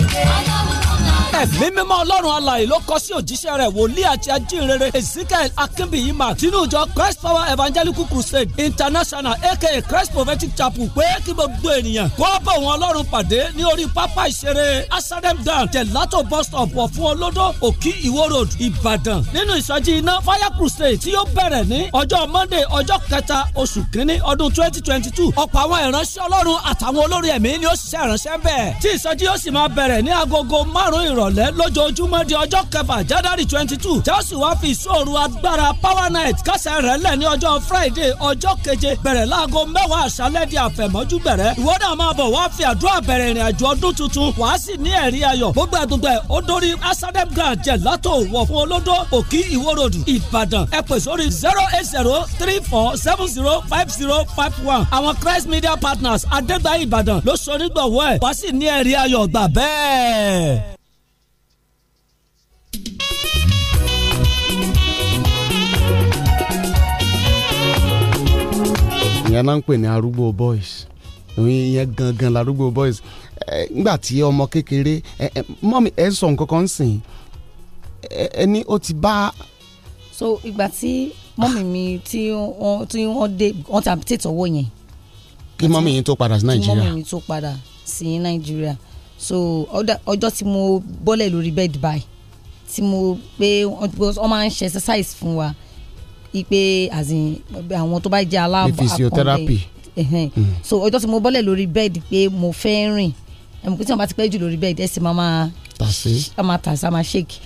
yeah, ẹ̀mí mímọ́ ọlọ́run alàyè ló kọ sí òjíṣẹ́ rẹ̀ wòlíì àti ajínrere ezekiel akínbíyì mark christ power evangelical crusade international aka christ prophetic chapel pé kí gbogbo ènìyàn kó bá òun ọlọ́run pàdé ní orí pápá ìṣeré asadem dan, telato bus stop ọ̀fun olódó òkì ìwó road ìbàdàn nínú ìsọjí iná fire crusade tí yóò bẹ̀rẹ̀ ní ọjọ́ monday ọjọ́ kẹta oṣù kínní ọdún twenty twenty two ọ̀pọ̀ àwọn ìránṣẹ́ ọlọ́run àtàwọn olórí ẹ̀mí ni ó ṣiṣẹ́ ìránṣẹ́ bẹ́ẹ̀ tí ìsọjí yóò sì máa bẹ̀rẹ̀ ní agogo márùn-ún ìrọ̀lẹ́ ìrọ̀lẹ́ lójoojúmọ́ di ọjọ́ kẹfà january twenty two jésù wá fi ìṣòro agbára power night kásẹ̀ rẹ̀ lẹ̀ ní ọjọ́ friday ọjọ́ keje bẹ̀rẹ̀ láago mẹ́wàá àṣálẹ́ di àfẹ̀mọ́jú bẹ̀rẹ̀ ìwọ náà máa bọ̀ wá fi àdúrà bẹ̀rẹ̀ ìrìn àjò ọdún tuntun wàá sì ní ẹ̀rí ayọ̀ gbogbo ó dórí asadem grand gelato wọ̀ fún olódó òkì ìwórodù ìbàdàn ẹ pè sórí zero eight zero three four seven zero five zero five one àwọn christ media partners adégbà ìbàdàn ló sonígbọ̀wọ́ ẹ̀ wá sì ní ẹ̀rí ayọ̀ gbà bẹ́ẹ̀. ìyẹn náà ń pè ní arúgbó boys ìyẹn gangan larúgbó boys nígbà tí ọmọ kékeré mọ́mí ẹ sọ nǹkan kan sìn ẹ ní ó ti bá. so ìgbà tí mọ́mí mi tí wọ́n dé wọ́n ta tètè owó yẹn. kí mọ́mí yín tó padà sí nàìjíríà. kí mọ́mí mi tó padà sí nàìjíríà so ọjọ́ tí mo bọ́lẹ̀ lórí bed by tí mo pé wọ́n máa ń ṣe exercise fún wa ipe àwọn tó bá jẹ́ aláàbọ̀ akọ̀ǹde physiotherapy hmm. so ọjọ́ tí mo bọ́lẹ̀ lórí bẹ́ẹ̀dì pé mo fẹ́ rìn ẹ̀mú pé tí wọ́n bá ti pẹ́ jù lórí bẹ́ẹ̀dì ẹ̀sìn máa máa tàṣí máa ṣèkì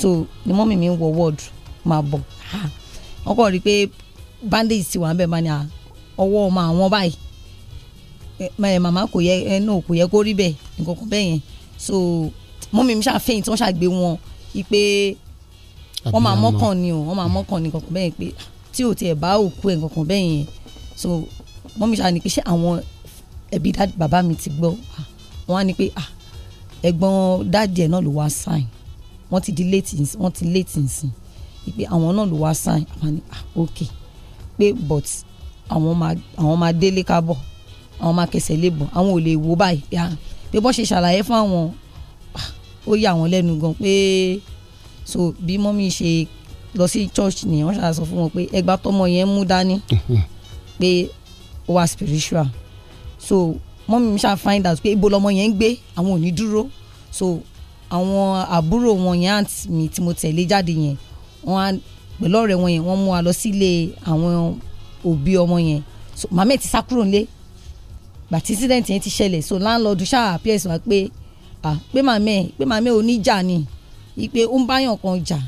so ni mọ́mì mi ń wọ wọ́ọ̀dù máa bọ̀ ah. wọ́n kọ́ rí i pé bandage ti wà ń bẹ̀ máa ní ah, ọwọ́ ọmọ àwọn báyìí màmá kò yẹ ẹ náà kò yẹ kó rí bẹ́ẹ̀ nǹkan kan bẹ́ẹ̀ yẹn so mọ́mì mi ṣàfihàn tí wọ́n ṣàgbé wọn ipe wọ́n máa mọ́kàn ni o wọ́n máa mọ́kàn ni kankan bẹ́ẹ̀ pé tí ò tiẹ̀ bá òkú ẹ̀ kankan bẹ́ẹ̀ yẹn so wọ́n mi ṣàní pé ṣé àwọn ẹbí bàbá mi ti gbọ́ ah, wọ́n á ní pé ah, ẹ̀gbọ́n dáàdì ẹ̀ náà ló wá sign wọ́n ti di late wọ́n ti late nsìn pé àwọn náà ló wá sign àwọn ni ah, ok pé but àwọn máa àwọn máa délé kábọ̀ àwọn máa kẹsẹ̀ lébọ̀ àwọn ò lè wo báyìí pé bọ́ ṣe ṣàlàyé fún àwọn ó yà wọ́n lẹ́nu gan pé. Pe so bí mọ́mí ṣe lọ sí church ni wọ́n ṣáà sọ fún wọn pé ẹgbà tọmọ yẹn mú dání mhm. pé ó wà spiritual so mọ́mí mi ṣáà find out pé ibo lọmọ yẹn ń gbé àwọn ò ní dúró so àwọn àbúrò wọn yẹn aunt mi tí mo tẹ̀lé jáde yẹn wọ́n á pẹ̀lú ọ̀rẹ́ wọn yẹn wọ́n mú wa lọ sílé àwọn òbí ọmọ yẹn so màmá ẹ̀ ti sá kúrò nílé gbàtí incident yẹn ti ṣẹlẹ̀ so landlord ṣáà appears wá pé ah pé màmá ẹ̀ pé màmá ẹ̀ oníjà ni ipe ó ń báyàn kan jà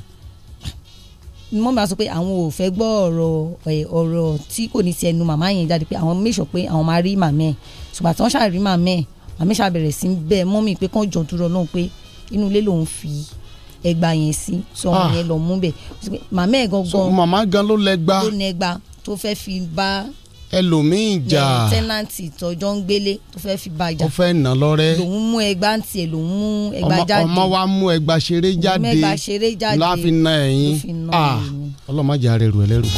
mọ́ máa sọ pé àwọn ò fẹ́ gbọ́ ọ̀rọ̀ ọ̀rọ̀ tí kò ní ti ẹnu màmá yẹn jáde pé àwọn méṣọ̀ pé àwọn máa rí màmá ẹ̀ ṣùgbọ́n àtàwọn ṣàrí màmá ẹ̀ màmá ṣàbẹ̀rẹ̀ sí bẹ́ẹ̀ mọ́mì pé kán jọ̀ọ́ dúró náà pé inú ilé lòún fi ẹgba yẹn sí sọ ọmọ ah. yẹn lọ mú bẹ̀ màmá ẹ̀ gangan màmá gan tó fẹ́ fi bá ẹlòmíì jà tẹ́nàntì tọjọ́ ń gbélé tó fẹ́ fi bàjá ó fẹ́ nà lọ́rẹ́ lòun mú ẹgbà ń tiẹ̀ lòun mú ẹgbà jáde ọmọ wa mú ẹgbà ṣeré jáde láàfin na ẹ̀yìn ah, ọlọ́mọdé arẹ́rù ẹlẹ́rù.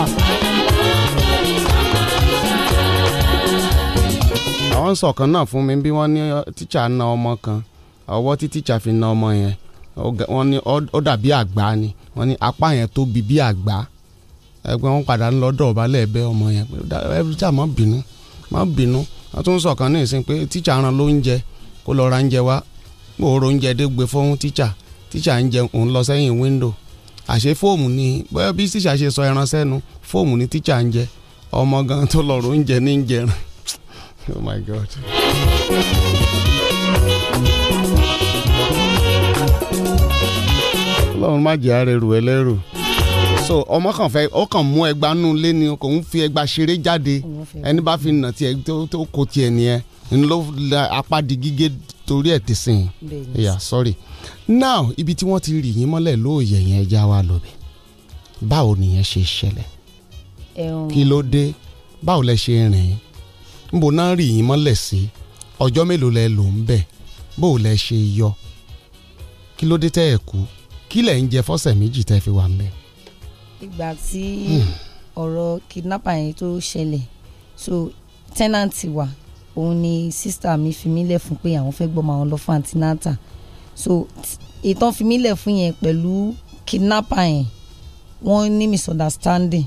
Ah. àwọn sọ̀kan náà fún mi bí wọ́n ní uh, tíṣà na ọmọ kan ọwọ́ tí tíṣà fi na ọmọ yẹn wọ́n ní ó dàbí ni wọ́n ní apá yẹn tóbi bí àgbá ẹgbẹ́ wọn padà ń lọ dọ̀bálẹ̀ ọmọ yẹn ẹ̀bùtà má bínú má bínú wọ́n tún sọ̀kan ní ìsìn pé ran ló ń jẹ kó lọ ra ń jẹ wá gbòòrò ń jẹ dé gbé fóun tíṣà tíṣà ń jẹ òun lọ sẹ́yìn wíńdò ase fóòmù ni bẹ́ẹ̀ bí ṣe sọ ẹran sẹ́nu fóòmù ni ń ọmọ gan tó [LAUGHS] ọlọ́run má jẹ́ àárẹ̀ rù ẹlẹ́rù so ọmọ kan fẹ́ ó kàn mú ẹgba nù lé ni kò ń fi ẹgba ṣeré jáde ẹni bá fi nà tiẹ̀ tó kó tiẹ̀ nìyẹn ń lọ gígé torí ẹ̀ ti sìn yà sorry now ibi tí wọ́n ti rì yín mọ́lẹ̀ lóòyè yẹn ẹja wa lóbi báwo nìyẹn ṣe ṣẹlẹ̀ kí ló dé báwo lẹ ṣe rìn níbo náà rì yín mọ́lẹ̀ sí ọjọ́ mélòó lẹ lò ń bẹ̀ bó lẹ ṣe yọ kí ló dé tẹ́ ẹ̀ kú kílẹ̀ ń jẹ fọ́sẹ̀ méjì tẹ́ fi wà ń bẹ̀. ìgbà tí hmm. ọ̀rọ̀ kidnapper yẹn tó ṣẹlẹ̀ so tenant wa òun ni sísítà mi fi mí lẹ̀ fún pé àwọn fẹ́ gbọ́mọ àwọn lọ fún antinata so ìtàn fi mí lẹ̀ fún yẹn pẹ̀lú kidnapper yẹn wọ́n ní misunderstanding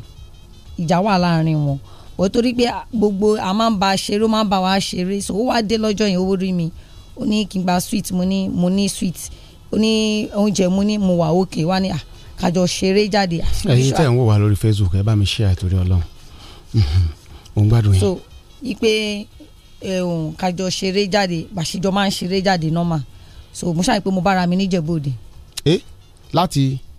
ìjà wà láàrin wọn wọ́n torí pé gbogbo a máa ń ba ṣeré ó máa ń ba wa ṣeré so ó wá dé lọ́jọ́ yẹn ó rí mi ó ní kí n gba sweet mo ní mo ní sweet ó ní oúnjẹ mu ní mo wà òkè wá ní àkájọ ṣeré jáde. ẹ̀yin tẹ́ ń wò wá lórí Facebook ẹ bá mi ṣe àìtórí Ọlọ́run [LAUGHS] mo ń gbádùn yẹn. so ipe ẹ̀hún kájọ ṣeré jáde bàṣíjọ máa ń ṣeré jáde normal so mo ṣàyẹ̀ pé mo bára mi níjẹ̀bú òde. ẹ eh, láti